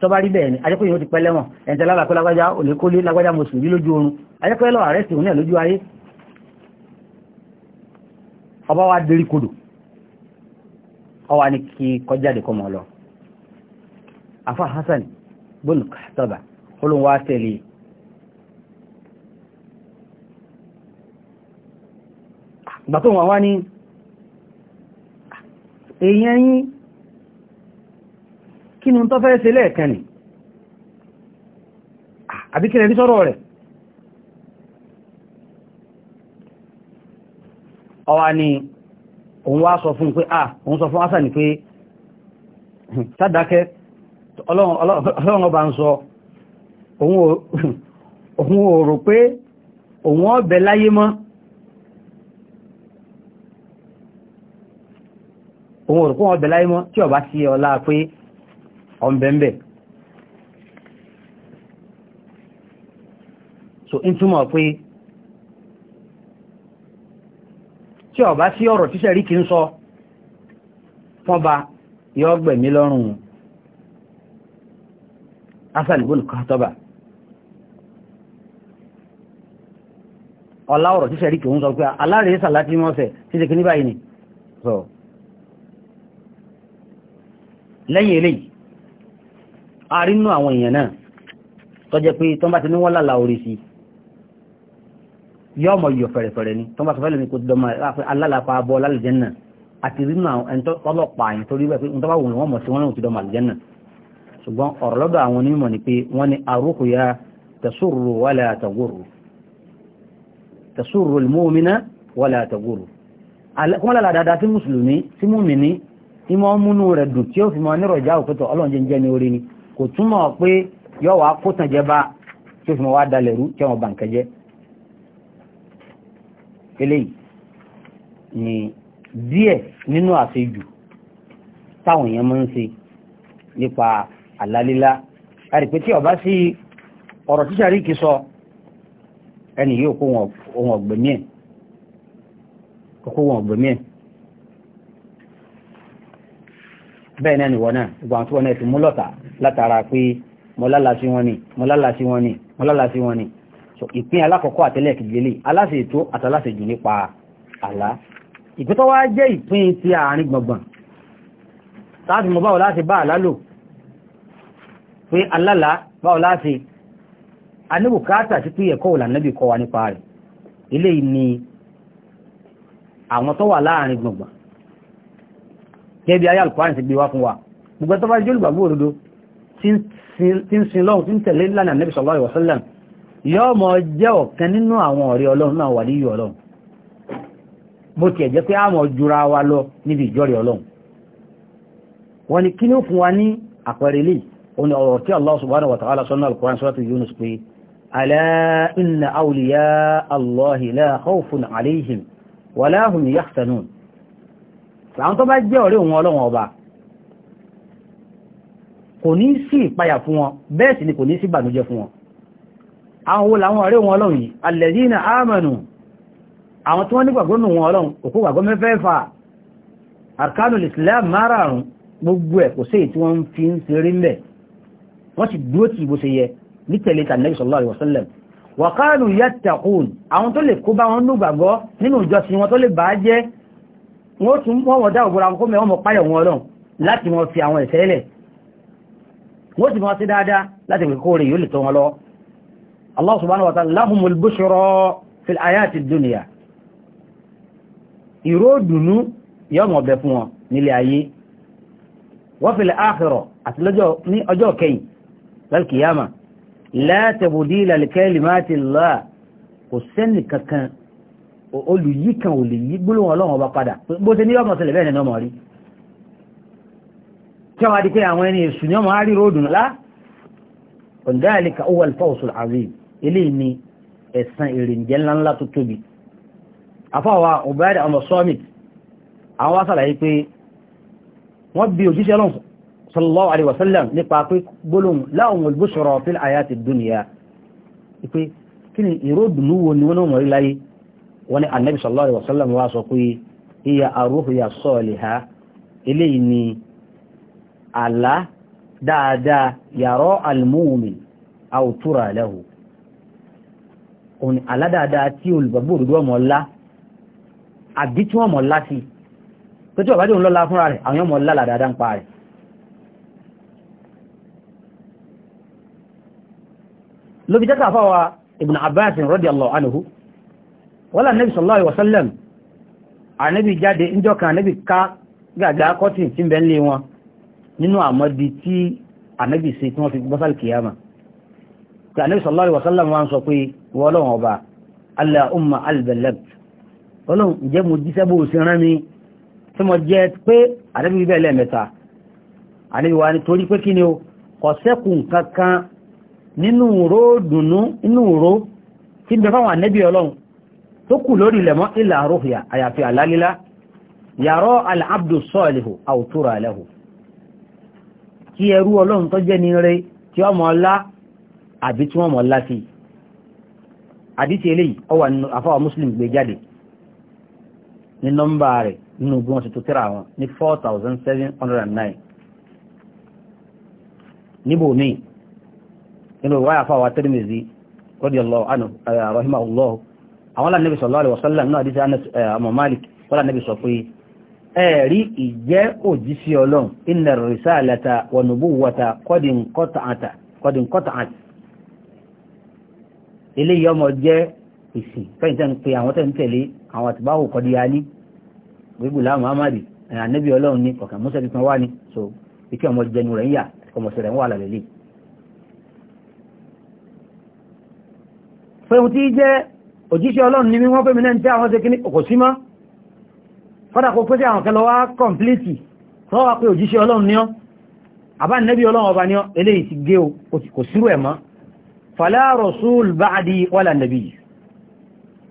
tọba rí bẹ́ẹ̀ ni ajẹ́kọ́ yóò ti pẹ́ lẹ́wọ̀n ẹ̀ntẹ́ lágbàkọ́ lágbàjá olèkólé lágbàjá mùsùlùmí lójú oorun ajẹ́kọ́ ẹlọ́ àrẹ́sì òun náà lójú ayé ọba wa dérí kodò ọwa ni kí kọjáde kọmọ lọ afa Hasan bọ́ọ̀lù tọba olóhùn wa tẹ̀lé gbàtọ́ wọn wá ní ah, èèyàn yín kí ni tó fẹ́ ṣe lẹ́ẹ̀kan ni ah, àbí kí ni rí sọ́rọ̀ rẹ̀ ọwá ni òun wá sọ fún pé à ah, òun sọ fún ásà ní pé sádákẹ́ ọlọ́run ọba ń sọ òun ò pé òun ọ̀bẹ̀ láyé mọ́ òun ò pé òun ọ̀bẹ̀ láyé mọ́ tí ọba sí ọlá pé ọ̀nbẹ̀m̀bẹ̀ so in túmọ̀ pé tí ọba bá sí ọ̀rọ̀ tíṣẹ̀ rí kí ń sọ fọ́nba yọ gbẹ̀mí lọ́rùn asàlùbọ́n kọ́tọ́bà ọlá ọ̀rọ̀ tíṣẹ̀ rí kí ń sọ pé aláàrẹ̀ sàlátí mọ́sẹ̀ títí kí ní báyìí ni so lẹ́yìn eléyìí àrínú àwọn èèyàn náà tó jẹ́ pé tó bá ti ní wọ́n lálà orí sí yọ́ ọmọ yọ fẹ̀rẹ̀fẹ̀rẹ̀ ni tó bá sọ fẹ́lẹ̀ ní kò dọ́mọ alálàpá abọ́ lálùjẹ́nà àti rínú àwọn ọlọ́pàá àyìn torí wẹ́ pé ń tọ́bá wùn wọ́n mọ̀ sí wọ́n náà ti dọ́mọ àlùjẹ́nà ṣùgbọ́n ọ̀rọ̀ lọ́dọ̀ àwọn onímọ̀ ni pé wọ́n ni arúkú ya tasurru wala rẹ̀ dùn tí ó fi mọ́ nírọ̀já òkútọ̀ ọlọ́njẹ́ jẹ́ ní orí ni kò túmọ̀ pé yóò wá kó tàn jẹba tí ó fi mọ̀ wá dalẹ̀ rú tí wọ́n bà nǹkan jẹ́ eléyìí ni díẹ̀ nínú àṣejù táwọn èèyàn máa ń ṣe nípa àlálílá àrìpé tí ọba sí ọ̀rọ̀ tí sàríkì sọ ẹni yóò kó wọn ọ̀gbẹ̀mí ẹ̀ bẹ́ẹ̀ náà nìwọ náà gbogbo àwọn tí wọ́n náà ti mú lọ́ta látara pé mọ́lálàsí wọn ni mọ́lálàsí wọn ni mọ́lálàsí wọn ni so ìpín alákọ̀ọ́kọ́ àtẹ́lẹ̀ kìdílé aláṣẹ ètò àtàláṣẹ jù nípa àlá ìpín tó wá jẹ́ ìpín ti àárín gbọ̀ngbọ̀n táàbí mọ̀ báwo láti bá àlá lò pé alálà báwo láti aníbùkátà sí pé ẹ̀kọ́ wò lànàbì kọ́ wa nípa rẹ̀ eléyìí ni àwọn tó wà láàárín gbọ̀ngbọ̀n gẹ́bí ayé alkùnrin ti gbé wá fún wa gbogbo tó bá jẹ́ olùgbàgbọ́ òdodo tí ń sin lọ́hun tí ń tẹ̀lé lánà nẹ́bí sallallahu alaihi wasallam yóò mọ jẹ́ ọ̀kan nínú àwọn ọ̀rẹ́ ọlọ́run náà wà níyọ̀ ọlọ́run bó tiẹ̀ jẹ́ pé a mọ̀ jura wa lọ níbi ìjọ́rẹ̀ ọlọ́run wọ́n ní kí ní ó fún àwọn tó bá jẹ́ ọ̀rẹ́ òun ọlọ́run ọba kò ní sí ìpayà fún wọn bẹ́ẹ̀ sì ni kò ní sí ìbànújẹ́ fún wọn àwọn owó làwọn ọ̀rẹ́ òun ọlọ́run yìí alladhina amanu àwọn tí wọ́n nígbàgbọ́ nù wọn ọlọ́run òkú gbàgbọ́ mẹ́fẹ́fà arkanul islam márààrún gbogbo ẹ̀ kò ní tẹ̀lé tànàbí sallallahu àwọn tó lè kó bá wọn nígbàgbọ́ nínú ìjọsìn wọn tó lè bàá jẹ́ wọ́n tún wọ́n wọ́n dá òbúra kó mẹ́wọ́n mọ̀ páyọ̀ wọn ọlọ́run láti wọn fi àwọn ẹ̀ṣẹ̀ lẹ̀ wọ́n sì mọ́ sí dáadáa láti fi kóore yóò lè tọ́ wọn lọ Allah subhanahu wa olùyí kan ò lè yí gbólóhùn ọlọ́run ọba padà bó ṣe ní ọmọ ṣẹlẹ̀ bẹ́ẹ̀ nínú ọmọ rí tí wọ́n di pé àwọn ẹni èṣù ní ọmọ àárí ròdùn ńlá ọ̀dáàlìkà ó wà lùfọ́ọ̀sùn àríyìn eléyìí ni ẹ̀sán èrìǹjẹ́ ńláńlá tó tóbi afáwa ọ̀bẹ́rẹ́ ọmọ summit àwọn asàlàyé pé wọ́n bí òjíṣẹ́ ọlọ́run sallallahu alaihi wasallam nípa pé gbólóhùn láwọn olùbúṣọ̀rọ̀ fil hayati dunya pé kí ni ìròdùnú wo ni wọ́n náà mọ̀ rí láyé wọ́n ní anabi sallallahu alaihi wasallam wa sọ pé ìyá arúhùyà sọ́ọ̀lìhà eléyìí ni àlá dáadáa yàrá almumin àwùtúrà lẹ́hù òní àlá dáadáa tí olùgbàgbọ́ òdodo ọmọ ọlá àbí tí wọ́n mọ̀ ọlá sí pé tí ọ̀bájú ń lọ́la fúnra rẹ̀ àwọn ọmọ ọlá làdáadáa ń pa rẹ̀ lóbi jẹ́ káfáwa ibn abbas radiyallahu anhu wọ́lá nẹ́bí sallallahu alaihi wasallam ànẹ́bí jáde níjọ́ kan ànẹ́bí ká gàgà kọ́tìn tí ń bẹ nílé wọn nínú àmọ́dí tí ànẹ́bí ṣe tí wọ́n fi gbọ́sàl kìyàmà tí ànẹ́bí sallallahu alaihi wasallam wọn sọ pé wọ́lọ́wọ́n ọba Allahumma albalagh wọ́lọ́wọ́n ǹjẹ́ mo jíṣẹ́ bó ṣe rán mi tí mo jẹ́ pé ànẹ́bí bẹ́ẹ̀ lẹ́ẹ̀mẹ́ta ànẹ́bí tó kù lórí ilẹ̀ mọ́ ilà àrùhìyà àyàfi àlálílá yàrá al-abdu sọ́ọ̀lìhù àwùtúrà lẹ́hù kí ẹrú ọlọ́run tó jẹ́ ní rẹ tí ọmọ ọlá àbí tí wọ́n mọ̀ ọlá sí àdítí eléyìí ọwà nínú àfáwà muslim gbé jáde ní nọ́mbà rẹ̀ nínú gbọ́n ṣètò tíra wọn ní 4709 níbò míì nínú wáyà fáwà Tirmidhi radiyallahu anhu àwọn alánàbí sallallahu alaihi wasallam náà díṣẹ́ àmọ̀ eh, malik wọ́n alánàbí sọ pé ẹ̀rí ìjẹ́ òjíṣẹ́ ọlọ́run inna risalata wa nubuwata qadin qata'ata qadin qata'at eléyìí ọmọ jẹ́ ìsìn fẹ́yìntẹ́ ń pe àwọn tẹ́ ń tẹ̀lé àwọn àtìbáwò kọ́díyà ní gbégbù láwọn amadi eh, ànábì ọlọ́run ní kọ̀kan mọ́sẹ̀ tuntun wá ní òjíṣẹ́ ọlọ́run ni wọ́n pèmí náà tí àwọn ṣe kíní kò sí mọ́ fọ́dà kò pèsè àwọn kẹlọ wá kọ̀m̀plìtì tó wà pé òjíṣẹ́ ọlọ́run ni ọ́ àbá nẹ́bí ọlọ́run ọba ni ọ́ eléyìí ti gé o kò sírú ẹ̀ mọ́ fala rasul ba'di wala nabiyya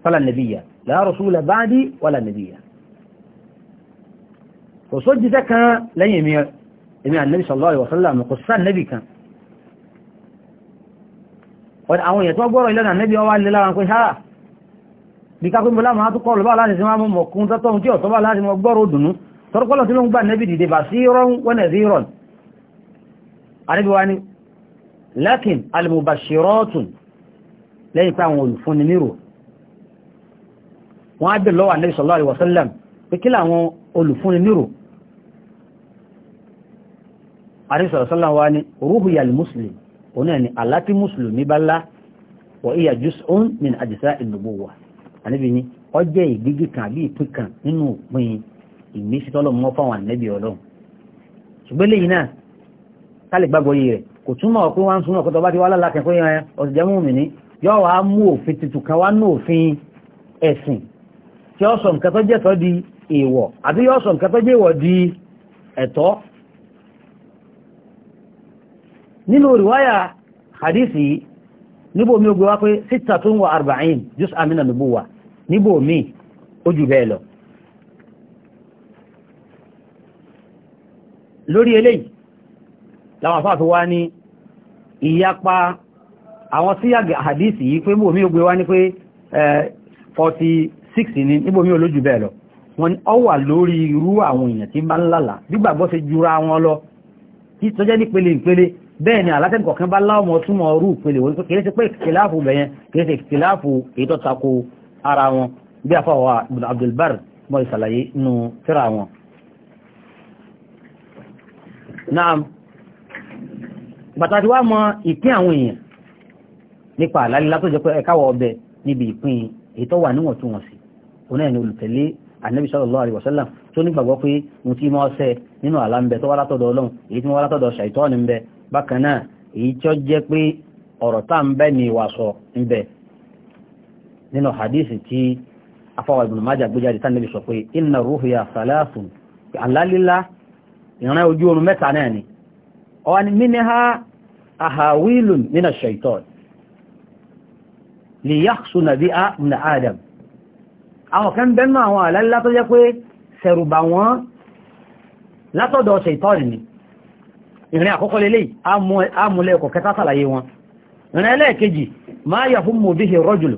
fala nabiyya la rasul ba'di wala nabiyya kò sójíṣẹ́ kan lẹ́yìn mi àwọn èèyàn tó gbọ́rọ̀ ìlànà nẹ́bí ọwá lè lára pé háà bí ká pé mo láwọn àtúkọ̀ lọ́wọ́ láti sinmi àmọ́ mọ̀kún tọ́tọ́ tí ọ̀tọ́ bá láti mọ gbọ́rọ̀ dùnú tọ́rọpọ́lọ̀ tí ló ń gbà nẹ́bì dìde bà sí rọ́n wọ́n ẹ̀rí rọ̀n àríbíwá ni lakin almubashirotun lẹ́yìn pé àwọn olùfúnni nírò wọ́n á bè lọ́wọ́ nẹ́bì sallallahu alaihi wasallam pé kí láwọn olùfúnni nírò àrísọ̀rọ̀sọ́lá ànábì ni ọ jẹ́ ìgbégi kan àbí ìpín kan nínú òpin ìmísí tọ́lọ́mù wọn fáwọn ànábì ọlọ́run ṣùgbọ́n lẹ́yìn náà kálí gbàgbọ́ yìí rẹ̀ kò túmọ̀ pé wọ́n ń súnmọ̀ kó tọ́ba ti wá lálàkẹ́ pé ọ̀sẹ̀ jẹ́ mú mi ní yọ wàá mú òfin tuntun kan wá ní òfin ẹ̀sìn tí ó sọ nǹkan tó jẹ́ tọ́ di èèwọ̀ àbí yọ sọ nǹkan tó jẹ́ èèwọ̀ di ẹ̀tọ́ nínú ríwáyà hadisi níbo mi ó gbé pé sítà tó ń wọ arba'in jus amina nubuwa níbò míì ó jù bẹ́ẹ̀ lọ. lórí eléyìí làwọn afáàfi wá ní ìyapa àwọn tí yàgì àdísì yìí pé níbò míì ó gbé wá ní pé 46 ní níbò míì ó lójú bẹ́ẹ̀ lọ wọ́n ní ọ wà lórí irú àwọn èèyàn tí bá ń lálà gbígbàgbọ́ ṣe jura wọn lọ tí tọ́jẹ́ ní pele ìpele bẹ́ẹ̀ ni àlátẹ́kọ̀ọ́kan bá láwọn ọmọ túnmọ̀ ọrú ìpele wọ́n kìí ṣe pé ìkìláàfù bẹ̀yẹn kìí ṣe ìkìláàfù èyí tó tako ara wọn bí afọ́wà abdulbar mọ́ ìsàlàyé nù tíra wọn náà pàtàkì wá mọ ìpín àwọn èèyàn nípa àlálílá tó jẹ́ pé ẹ̀káwọ̀ ọbẹ̀ níbi ìpín ètò wà níwọ̀ntúnwọ̀nsì oní ẹni olùtẹ̀lé ànábì sallallahu alaihi wasallam tó nígbàgbọ́ pé mo ti mọ́ ọsẹ ọ̀rọ̀ tá ń bẹ ni ìwàsọ̀ ń bẹ nínú hadisi tí afọwà Ibn Majah gbéjáde tán níbi sọ pé inna ruhiya salasun alálílá ìran ojú oorun mẹ́ta náà ni ọwá ni minha ahawilun min ash-shaytan li yakhsuna biha min adam àwọn kan bẹ́nu àwọn àlálílá tó jẹ́ pé sẹ̀rùbà wọn látọ̀dọ̀ ṣètọ́rì ni ìrìn àkọ́kọ́ lélẹ̀ àmúlẹ̀ ẹ̀kọ́ kẹta sàlàyé wọn ìrìn ẹlẹ́ẹ̀kejì máa yà fún mòbíhì rọ́jùlù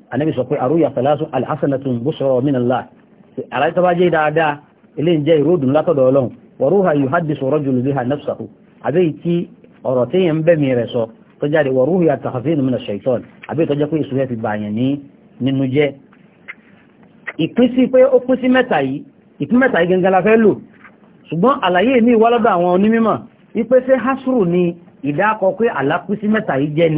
anábì sọ pé àrúyà tàlásù alhassanatun búṣọ̀rọ̀ mínàlá aláìtàbájẹ́ dáadáa ilé ń jẹ́ ìròdùn látọ̀dọ̀ ọlọ́run wọ̀rúhà yóò hádìí sọ̀rọ̀ jùlọ bí hanafsahu àbẹ́ tí ọ̀rọ̀ tí yẹn ń bẹ̀mí rẹ̀ sọ tó jáde wọ̀rúhà tàhàfínù mínà shaitan àbẹ́ tó jẹ́ pé ìṣúrẹ́ ti bàyàn ní nínú jẹ́ ìpín sí pé ó pín sí mẹ́ta yìí ìpín mẹ́ta yìí gangan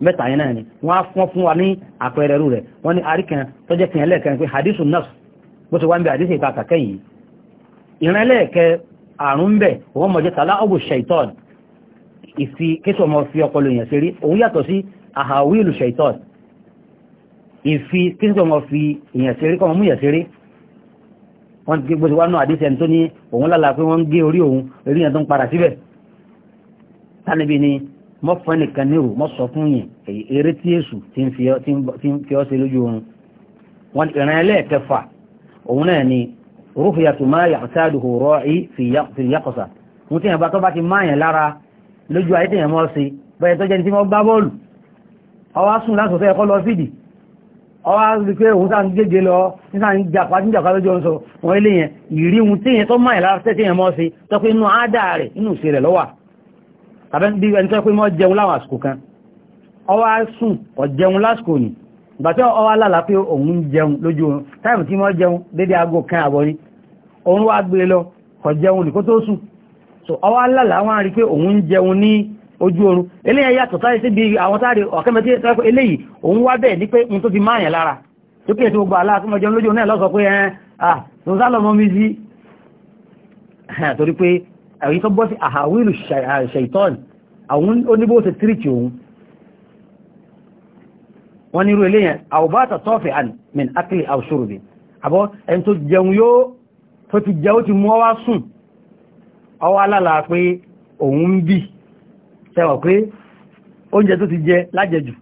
mẹ́ta yẹn náà ni wọ́n á fún fún wa ní àpẹẹrẹ rú rẹ̀ wọ́n ní àríkan tó jẹ́ kìí ẹlẹ́ẹ̀kẹ́ pé hadithu nafs bó ti wá ń bẹ hadithu ìta kàkẹ́ yìí ìran ẹlẹ́ẹ̀kẹ́ àrùn bẹ̀ wọ́n mọ̀ jẹ́ tàlá ọgbù shaitan ìfi kéṣù ọmọ fi ọpọlọ yẹn ṣe rí òun yàtọ̀ sí àhàwílù shaitan ìfi kéṣù ọmọ fi yẹn ṣe rí kọ́ ọmọ mú yẹn ṣe rí wọ́n ti gbé wánú hadithu ẹni tó ní òun lálàá pé wọ́n gé orí òun orí yẹn tó ń padà síbẹ̀ tánibí ni mọ́fọ́ nìkan nírò mọ́sọ fún yìn eré tí èṣù tí ń fi ọ́ sí lójú oorun wọn ìran ẹlẹ́ẹ̀kẹfà òun náà ni rúfìyà tó máa yàtàdù hòrọ́ fìyàkọ̀sà mú tí ìyàbá tó bá ti máyàn lára lójú ayé tí ìyàmọ́ sí bẹ́ẹ̀ tó jẹ́ tí wọ́n gbá bọ́ọ̀lù ọwá sùn láti sọ́fẹ́ ẹ̀kọ́ lọ fìdí ọwá rí pé òun sáà ń gégé lọ nígbà ń jàpá ń jàpá lójú ọ̀sọ̀ wọn ilé yẹn ìrí ohun tí ìyẹn tó máyàn lára tẹ́tí ìyàmọ́ sí tọ́pẹ́ inú ádá rẹ̀ inú ìṣe lọ́wà tàbí bí ẹni tó pé mọ́ jẹun láwọn àsìkò kan ọwá sùn ọ̀jẹun lásìkò ni ìgbà tí ọwá lálàá pé òun jẹun lójú oorun táìmù tí mọ́ jẹun dédé aago kan àbọ̀ ni òun wá gbé e lọ ọ̀jẹun nìkó tó sùn so ọwá lálàá wọ́n rí pé òun jẹun ní ojú oorun eléyìí yàtọ̀ táyé sí bí àwọn táàrí ọ̀kẹ́mẹ́ tí ó eléyìí òun wá bẹ́ẹ̀ ní pé n tó ti máàyàn lára tó kí ètò gbogbo aláàtú mọ́ jẹun lójú oorun náà lọ́sọ pé ẹ̀ ah tó sálọ mọ́ mi sí torí pé ẹ̀rí tó bọ́ sí àhàwílù ṣaitan àwọn oníbóòsẹ̀ tíríkì òun wọ́n ní irú eléyàn àwòbátà tọ́fẹ̀ àn min akili àwòṣòròbì àbọ́ ẹni tó jẹun yóò tó ti jẹ́ ó ti mú ọwá sùn ọwá lálà pé òun ń bì sẹ́wọ̀ pé oúnjẹ tó ti jẹ lájẹjù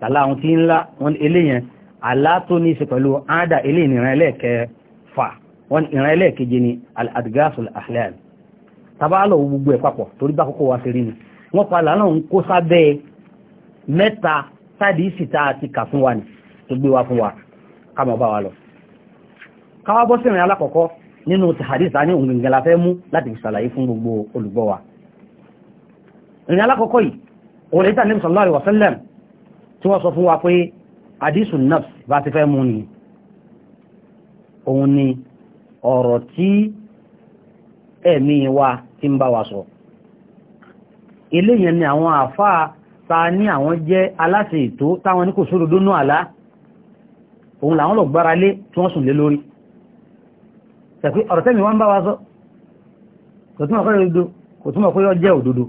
tàlá àwọn tí ńlá wọn eléyàn àlá tó ní ṣe pẹ̀lú àádà eléyìn ìran ẹlẹ́ẹ̀kẹfà wọn ìran ẹlẹ́ẹ̀keje ni al-adgasul ahlal tabalọ̀ gbogbo ẹ̀ papọ̀ torí bá kókó wa ṣe rí ni wọ́n padà náà ń kó sábẹ́ mẹ́ta sádìísì tá a ti kà fún wa ni tó gbé wa fún wa ká máa bá wa lọ. káwá bọ́ sínú alákọ̀ọ́kọ́ nínú tàdísà ní òǹgàngàn la fẹ́ mú láti fi ṣàlàyé ẹ̀mí wa tí ń bá wa sọ eléyẹn ni àwọn àfáà ta ní àwọn jẹ́ aláṣẹ ètò táwọn ní kò sódodo náà àlá òun làwọn lọ gbára lé tí wọ́n sùn lé lórí tẹ̀pí ọ̀rọ̀ tẹ́mi wọ́n ń bá wa sọ kò túnmọ̀ kó yọ jẹ́ òdodo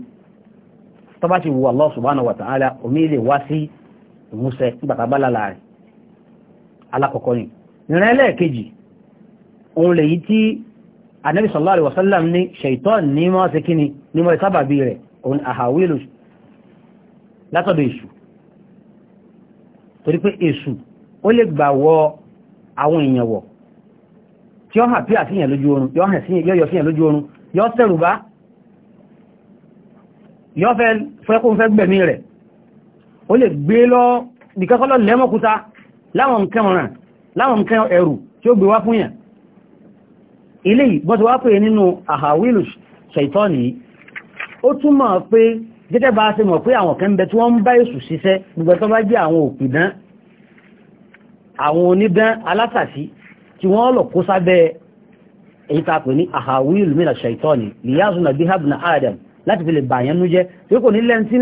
tó ti wù Allah subhanahu wa ta'ala omi ilé wá sí ìmúṣẹ nígbàtà bá alákọ̀ọ́kọ́ ni ìrìn ẹlẹ́ẹ̀kejì òun lèyí tí anabi sallallahu alaihi wasallam ní ṣèitán ní mọ́ sí kíni ní mọ́ ìsábàbí rẹ̀ òun àhàwílù látọ̀dọ̀ èṣù torí pé èṣù ó lè gbà wọ àwọn èèyàn wọ̀ tí ó hàn pí àfihàn lójú oorun yóò hàn sí yóò yọ fihàn lójú oorun yóò tẹ̀rù bá yóò fẹ́ fẹ́kún fẹ́ gbẹ̀mí rẹ̀ ilé ìgbọ́n ti wá pè nínú àhàwílù ṣẹ̀tọ́nì ó túmọ̀ pé gẹ́gẹ́ bá ṣe mọ̀ pé àwọn kan bẹ tí wọ́n ń bá èṣù ṣiṣẹ́ gbogbo tó bá jẹ́ àwọn òpìdán àwọn onídán alátàsí tí wọ́n lọ kó sábẹ́ èyí pè ní àhàwílù adam láti fi lè bàyẹn nú jẹ́ tí kò ní lẹ́ntí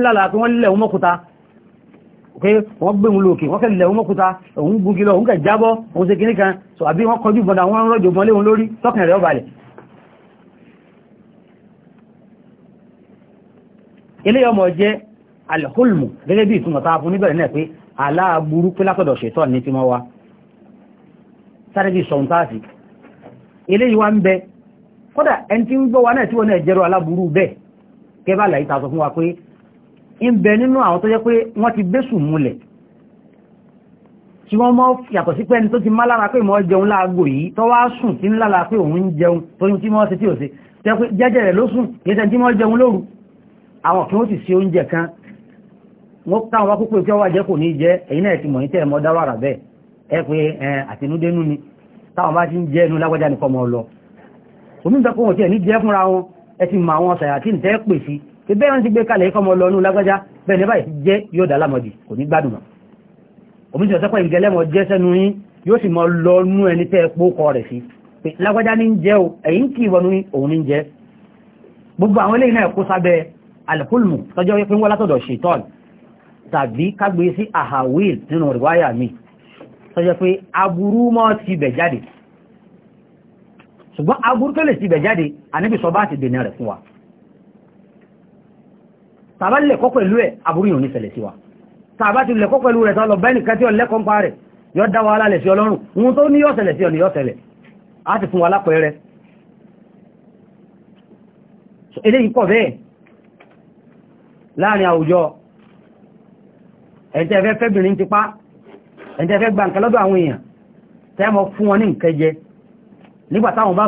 pé wọ́n gbé òun lókè wọ́n kẹ́lẹ̀ òun mọ́kúta òun gungi lọ òun kẹ̀ jábọ́ òun ṣe kìíní kan so àbí wọ́n kọjú bọ̀dà wọ́n rọ́jò mọ́lé òun lórí tọ́kàn rẹ̀ ọ̀bàlẹ̀ eléyìí ọmọ jẹ́ alẹ́kùlmù gẹ́gẹ́ bí ìtumọ̀ tá a fún níbẹ̀rẹ̀ náà pé aláàbúrú pé látọ̀dọ̀ ṣètọ́ ní tí wọ́n wá sáré bí sọ̀hún táàsì eléyìí wá ń bẹ kódà ń bẹ nínú àwọn tó jẹ́ pé wọ́n ti bẹ́sù múlẹ̀ tí wọ́n mọ́ yàtọ̀ sí pẹ́ni tó ti má lára pé mọ́ jẹun láago yìí tó wá sùn tí ń lára pé òun jẹun tó ní tí mọ́ sí tí ò sí jẹ́jẹ́ rẹ̀ ló sùn yẹ́sẹ̀ tí mọ́ jẹun lóru àwọn kí wọ́n sì sí oúnjẹ kan wọ́n táwọn wákúpé tí ó wà jẹ́ kò ní jẹ́ èyí náà ti mọ̀ ní tẹ́ẹ̀mọ́ dáwàrà bẹ́ẹ̀ ẹ pé àtinúdénú ni táwọn bá ti ń jẹ́ inú lágbájá nìkan mọ́ lọ omi ń tẹ́kọ̀ọ́ tí ẹ̀ ní jẹ́ fúnra wọn ẹ ti mọ àwọn ṣàyàtì ń tẹ́ pèsè pé bẹ́ẹ̀ wọ́n ti gbé kalẹ̀ ikọ́ ọmọ lọ́nú lágbájá bẹ́ẹ̀ ní báyìí ti jẹ́ yóò dá lámọ̀dì kò ní gbádùn mọ́ òmìnir ọ̀sẹ́pọ̀ ìgẹlẹ́mọ̀ jẹ́ sẹ́nu yín yóò sì mọ lọ́nú ẹni tẹ́ epo kọ rẹ̀ sí pé lágbájá ní ń jẹ́ o ẹ̀yìn kì í wọnú òun ní ń jẹ́ gbogbo àwọn eléyìí náà kó sábẹ́ alkulmu tọ́jọ́ pé wọ́n látọ̀dọ̀ ṣètọ́n tàbí kágbé sí ahawil nínú rìwáyà mi tọ́jọ́ pé aburú mọ́ ti bẹ̀ jáde ṣùgbọ́n aburú tó lè ti bẹ̀ jáde àníbìsọ bá ti dènà rẹ̀ fún wa tàbá lẹ̀kọ́ pẹ̀lú ẹ̀ àbúrú yìí ò ní ṣẹlẹ̀ sí wa tàbá ti lẹ̀kọ́ pẹ̀lú rẹ̀ tọ́lọ bẹ́ẹ̀ nìkan tí ó lẹ́kọ́ ń pa rẹ̀ yọ dá wa alálẹ̀ sí ọlọ́run ohun tó ní yọ́ ṣẹlẹ̀ sí ọ̀nà yọ́ ṣẹlẹ̀ á ti fún wa lápẹẹrẹ eléyìí pọ̀ bẹ́ẹ̀ láàrin àwùjọ ẹ̀ntẹ́ fẹ́ fẹ́bìnrin ti bá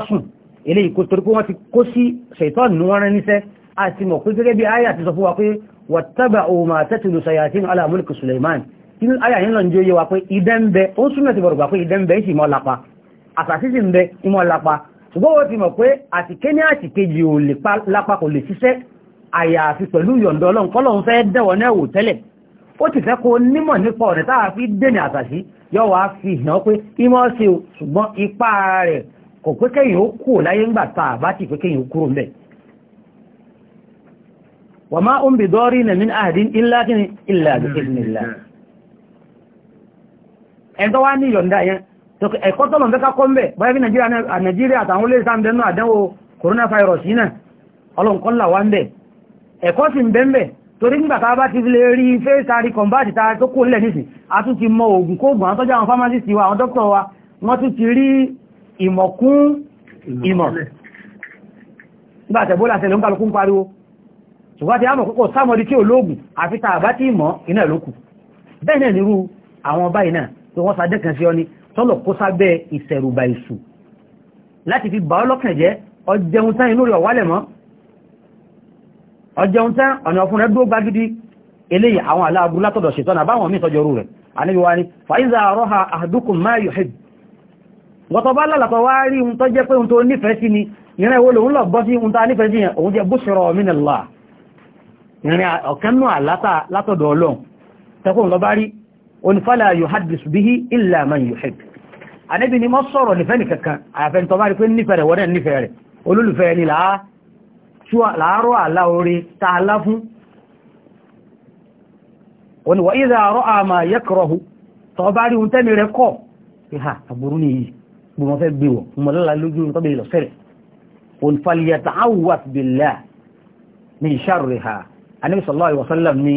sùn eléyìí kó torí wọ́n ti kó sí ṣètọ́ọ̀nù wọn rán níṣẹ́ àti mọ̀ pé gẹ́gẹ́ bí ayà ti sọ fún wa pé wàtàbà òmà tẹ́tùlù sayatin ala mulki Suleiman inú ayà yìí lọ ń jẹ́ wa pé ìdẹ́m̀bẹ́ ó súnmọ̀ ti bọ̀rọ̀gbà pé ìdẹ́m̀bẹ́ ìsì mọ́ lapa àsàsísì ń bẹ ìmọ̀ lapa ṣùgbọ́n ó ti mọ̀ pé àti kéní àti kejì ò lè pa lapa kò lè ṣiṣẹ́ àyàfi pẹ̀lú yọ̀ǹdọ̀ ọlọ́run pé ìmọ̀ ó kúrò láyé ńgbà tá a bá ti pé kéyìn ó kúrò ń wà máa ń bè dọ́rí nà mín àdín ilá kí ni ilá ìdínilá ẹ̀ntọ́ wá ní ìyọ̀ndà yẹn ẹ̀kọ́ tọ́lọ̀ ń fẹ́ká kọ́ ń bẹ̀ báyẹ́ bí nàìjíríà àtàwọn olè sáàmdẹ́nú àdánwò coronavirus yìí náà ọlọ́nkọ́lá wá ń bẹ̀ ẹ̀kọ́ sì ń bẹ́ ń bẹ̀ torí nígbàtà bá ti lè rí face tari convert ta tó kó lẹ̀ ṣùgbọ́n ti àmọ̀ púpọ̀ sámọ́dí tí olóògùn àfi ta àbá tí ìmọ̀ iná lókù bẹ́ẹ̀ náà nírú àwọn báyìí náà tí wọ́n sadé kan sí ọ ní tọ́lọ̀ kó sábẹ́ ìṣẹ̀rùbà ìṣù láti fi bà ọ́ lọ́kàn jẹ́ ọjẹun tán inú rẹ̀ ọ̀wálẹ̀ mọ́ ọjẹun tán ọ̀nà ọ̀fun rẹ̀ dúró gbagidi eléyìí ni fàíza àrọ́ha àdúkùn máa yóò hẹ́bì wọ́tọ̀ bá ìrìn ọ̀kan náà látọ̀dọ̀ ọlọ́run tẹ́kùn lọ bá rí onífàlà yuhaddis bihi illa man yuhib anẹ́bí ni mọ́ sọ̀rọ̀ nífẹ́ nìkankan àyàfẹ́ntọ́ bá rí pé nífẹ́ rẹ̀ wọ́n nífẹ́ rẹ̀ olólùfẹ́ ni láàárọ̀ àlá orí tààlá fún Ànábì sallallahu alaihi wasallam ní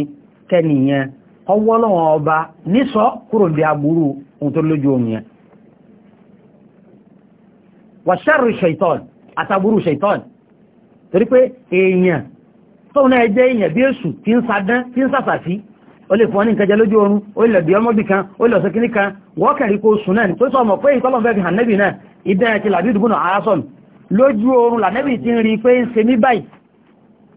kẹ́nìyàn ọwọ́ lọ́wọ́ ọba nísọ kúrò bí aburú ohun tó lójú omi yẹn wa sharri shaitan àtàbúrú shaitan torí pé èèyàn tóun náà jẹ́ èèyàn bí èṣù tí ń sadán tí ń sàsàfí ó lè fún ní nǹkan jẹ lójú oorun ó lè bí ọmọbì kan ó lè ọ̀sẹ̀kíní kan wọ́n kẹ̀rí kó sùn náà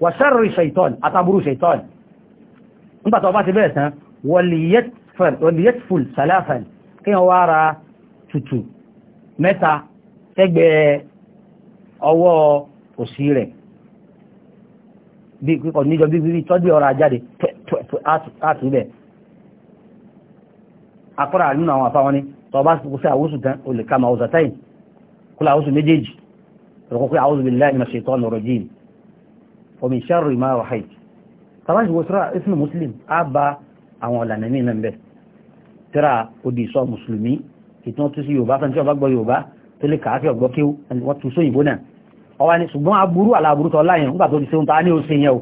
wa sharri shaitan àtàbúrú shaitan nígbàtà ọba ti bẹ̀rẹ̀ tán wọlìyẹ́tfùl salafan kí wọ́n wá ra tutù mẹ́ta tẹ́gbẹ́ ọwọ́ òsì rẹ̀ bí kíkọ̀ níjọ bí bí tọ́jú ọ̀rọ̀ àjáde àtúbẹ̀ akọ́rà nínú àwọn afáwọn ni tọba kò sí àwọ́sù tán olè ká ma ọ̀zàtáyìn kúlà àwọ́sù méjèèjì rọ̀kọ́kọ́ a'udhu billahi minash shaitanir rajim ومن شر ما wà haiti tàbáṣì wo tíra ismu muslim a bá àwọn ọ̀lànà ní ìlànà bẹ̀ tíra odi sọ musulmi ìtàn tó sí yorùbá fẹ́ntí ọba gbọ́ yorùbá tó lè kàáfí ọgbọ́ kí wọ́n tún só ìbò náà ọwá ni ṣùgbọ́n aburú aláburú tọ́ láyẹn nígbà di sehun ta ní oṣù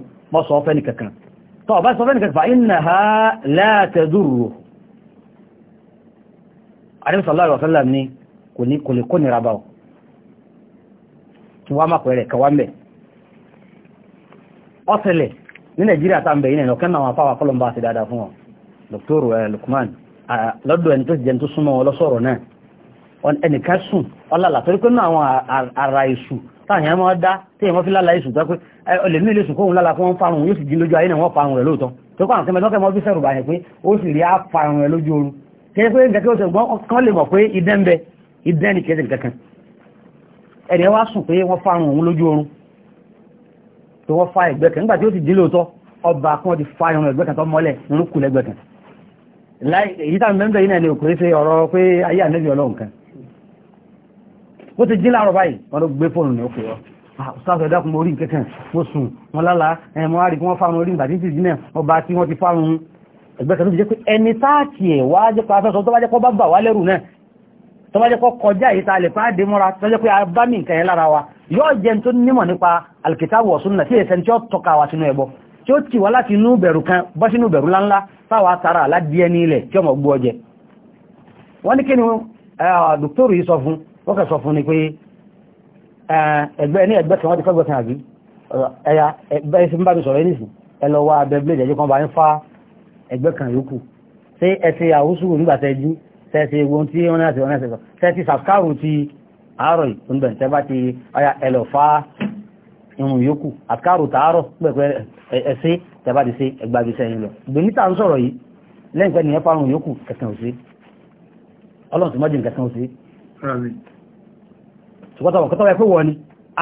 ọ̀sẹ̀lẹ̀ ní nàìjíríà tá ń bẹ̀ yìí nìyẹn ọ̀kẹ́ náà wọn afáwà kọlọ̀ ń dáadáa fún wọn Dr. Lukman lọ́dọ̀ ẹni tó ti jẹun tó súnmọ́ wọn lọ́sọ̀rọ̀ náà ẹnìkan sùn ọlọ́lá torí pé náà àwọn ara èṣù táyà máa dá téèyàn wọ́n fi lálàá èṣù tó pé ọlẹ̀ ní ilé sùn kóhun lálàá kó wọ́n farun yóò sì jí lójú ayé náà wọ́n farun rẹ̀ lóòótọ́ tó kọ́ àwọn kẹmẹ́ lọ́kẹ́ mọ́ bí sẹ́rù bàyẹ̀ pé ó sì rí àfarun lójú oorun tó wọ́n fa ẹgbẹ́ kan nígbà tí ó ti dín lóòótọ́ ọba kan ti fa irun ẹgbẹ́ kan tó mọ́lẹ̀ nínú kù lẹ́gbẹ́ kan láì èyí táwọn mẹ́mbẹ́ yìí náà ni òkèrè ṣe ọ̀rọ̀ pé ayé ànẹ́bí ọlọ́run kan ó ti dín láàárọ̀ báyìí wọn ló gbé fóònù ní òkè sáàtọ̀ ẹ̀dàkùn orí kẹ́kẹ́ mo sùn wọn lálá ẹ̀mọ́ àrí kí wọ́n fárun orí ìgbàtí ti dínà ọba tí wọ́n ti fárun ẹgbẹ́ kan tó fi jẹ́ pé ẹni táàkì ẹ̀ wá jẹ́ pàtàkì tó bá jẹ́ pọ́ bá bà tó bá jẹ́ kọ́ kọjá yìí tààlẹ̀ fáàdé mọ́ra tó jẹ́ pé a bá mi nǹkan yẹn lára wa yóò jẹ́ tó nímọ̀ nípa alkitabu wa sunna tí èsẹ̀ tí ó tọ́ka wa sínú ẹbọ tí ó ti wá láti inú bẹ̀rù kan bọ́ sínú bẹ̀rù láńlá táwa tara aládìẹ ní ilẹ̀ tí ọmọ gbọ́ jẹ wọ́n ní kí ni dókítọ́rù yìí sọ kan bá ń fa ẹgbẹ́ kan yòókù ṣé ẹ ti àwùsù nígbà tẹ́sí egun tí wọ́n náà ti wọ́n náà ti sọ tẹ́sí sàkárù ti àárọ̀ ìpínlẹ̀ tẹ́ bá ti ọya ẹlọ́fà irun yòókù àkárù tààrọ̀ pẹ̀pẹ̀ ẹ̀sẹ̀ tẹ́ bá ti ṣe ẹgbàgbé sẹ́yìn lọ gbèmítà ń sọ̀rọ̀ yìí lẹ́yìn pẹ́ nìyẹn fárun yòókù kẹsàn-án òsè ọlọ́run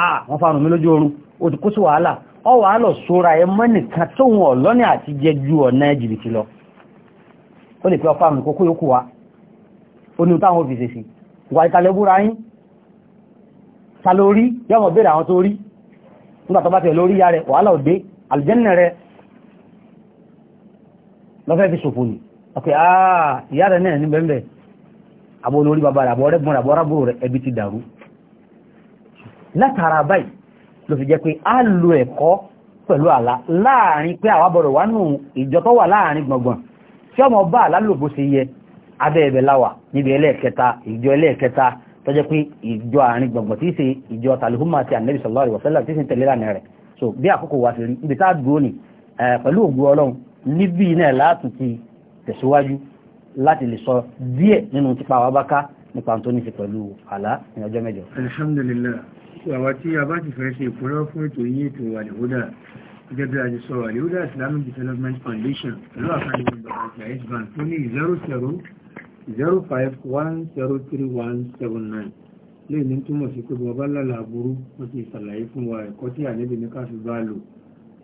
ah wọ́n fárun mi lójú oorun ó ti kó sí wàhálà ọ wàhálà sóra ẹ mọ́ nìkan tóun ọ̀lọ́ni àti jẹ ó lè pẹ́ ọ fárun kókó yòókù wa oní táwọn òfìsè sí wà ìtàlẹ́búra yín ta lórí yọ́mọ̀ bèèrè àwọn tó rí nígbàtọ̀ bá tẹ̀ lórí ya rẹ̀ wàhálà òdé aljanna rẹ̀ lọ́fẹ́ fi ṣòfò ní ọkẹ̀ àà ìyá rẹ̀ náà ní bẹ̀m̀bẹ̀ àbò lórí bàbá rẹ̀ àbọ̀ rẹ̀gbọ́n àbọ̀ rábò rẹ̀ ẹbí ti dàrú látara báyìí ló fi jẹ́ pé a lo ẹ̀kọ́ pẹ̀lú àlá láàrin pé àwa bá àlá lòbó yẹ abẹ́ ẹ̀bẹ̀ láwà níbi ẹlẹ́ẹ̀kẹta ìjọ ẹlẹ́ẹ̀kẹta tó jẹ́ pé ìjọ àárín gbọ̀ngbọ̀n tí í ṣe ìjọ tàlùhùmá àti ànẹ́bí sallallahu alaihi wasallam tí í ṣe tẹ̀lé lánàá rẹ̀ so bí àkókò wa ṣe rí ibi tá a dúró nì pẹ̀lú ògbó ọlọ́run níbí náà láti ti tẹ̀síwájú láti lè sọ díẹ̀ nínú tipa wa báká nípa tó ní ṣe pẹ̀lú àlá ní ọjọ́ mẹ́jọ. alhamdulillah àwa gẹ́gẹ́ bí a ti islamic development foundation pẹ̀lú àfààní ìgbàlódé bank tó ní zero zero zero five one zero three one seven nine léyìn ní túmọ̀ sí pé bí wọ́n bá lálàá burú wọ́n ti ṣàlàyé fún wa ẹ̀kọ́ tí àníbi ní ká fi bá lò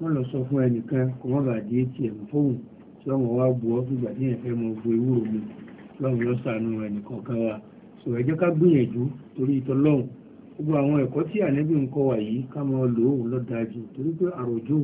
wọ́n lọ sọ fún ẹnìkan kò wọ́n bá di atm fóun tí wọ́n wá bu ọ́ fìgbà tí yẹn fẹ́ mọ bu ewúro mu lọ́run ló ṣàánú ẹnìkan kan wa sọ ẹ ká gbìyànjú torí ìtọ́lọ́hùn gbogbo àwọn ẹ̀kọ́ tí àníbi ń kọ́ wa yìí ká máa lò ó lọ́dájú torí pé àròjò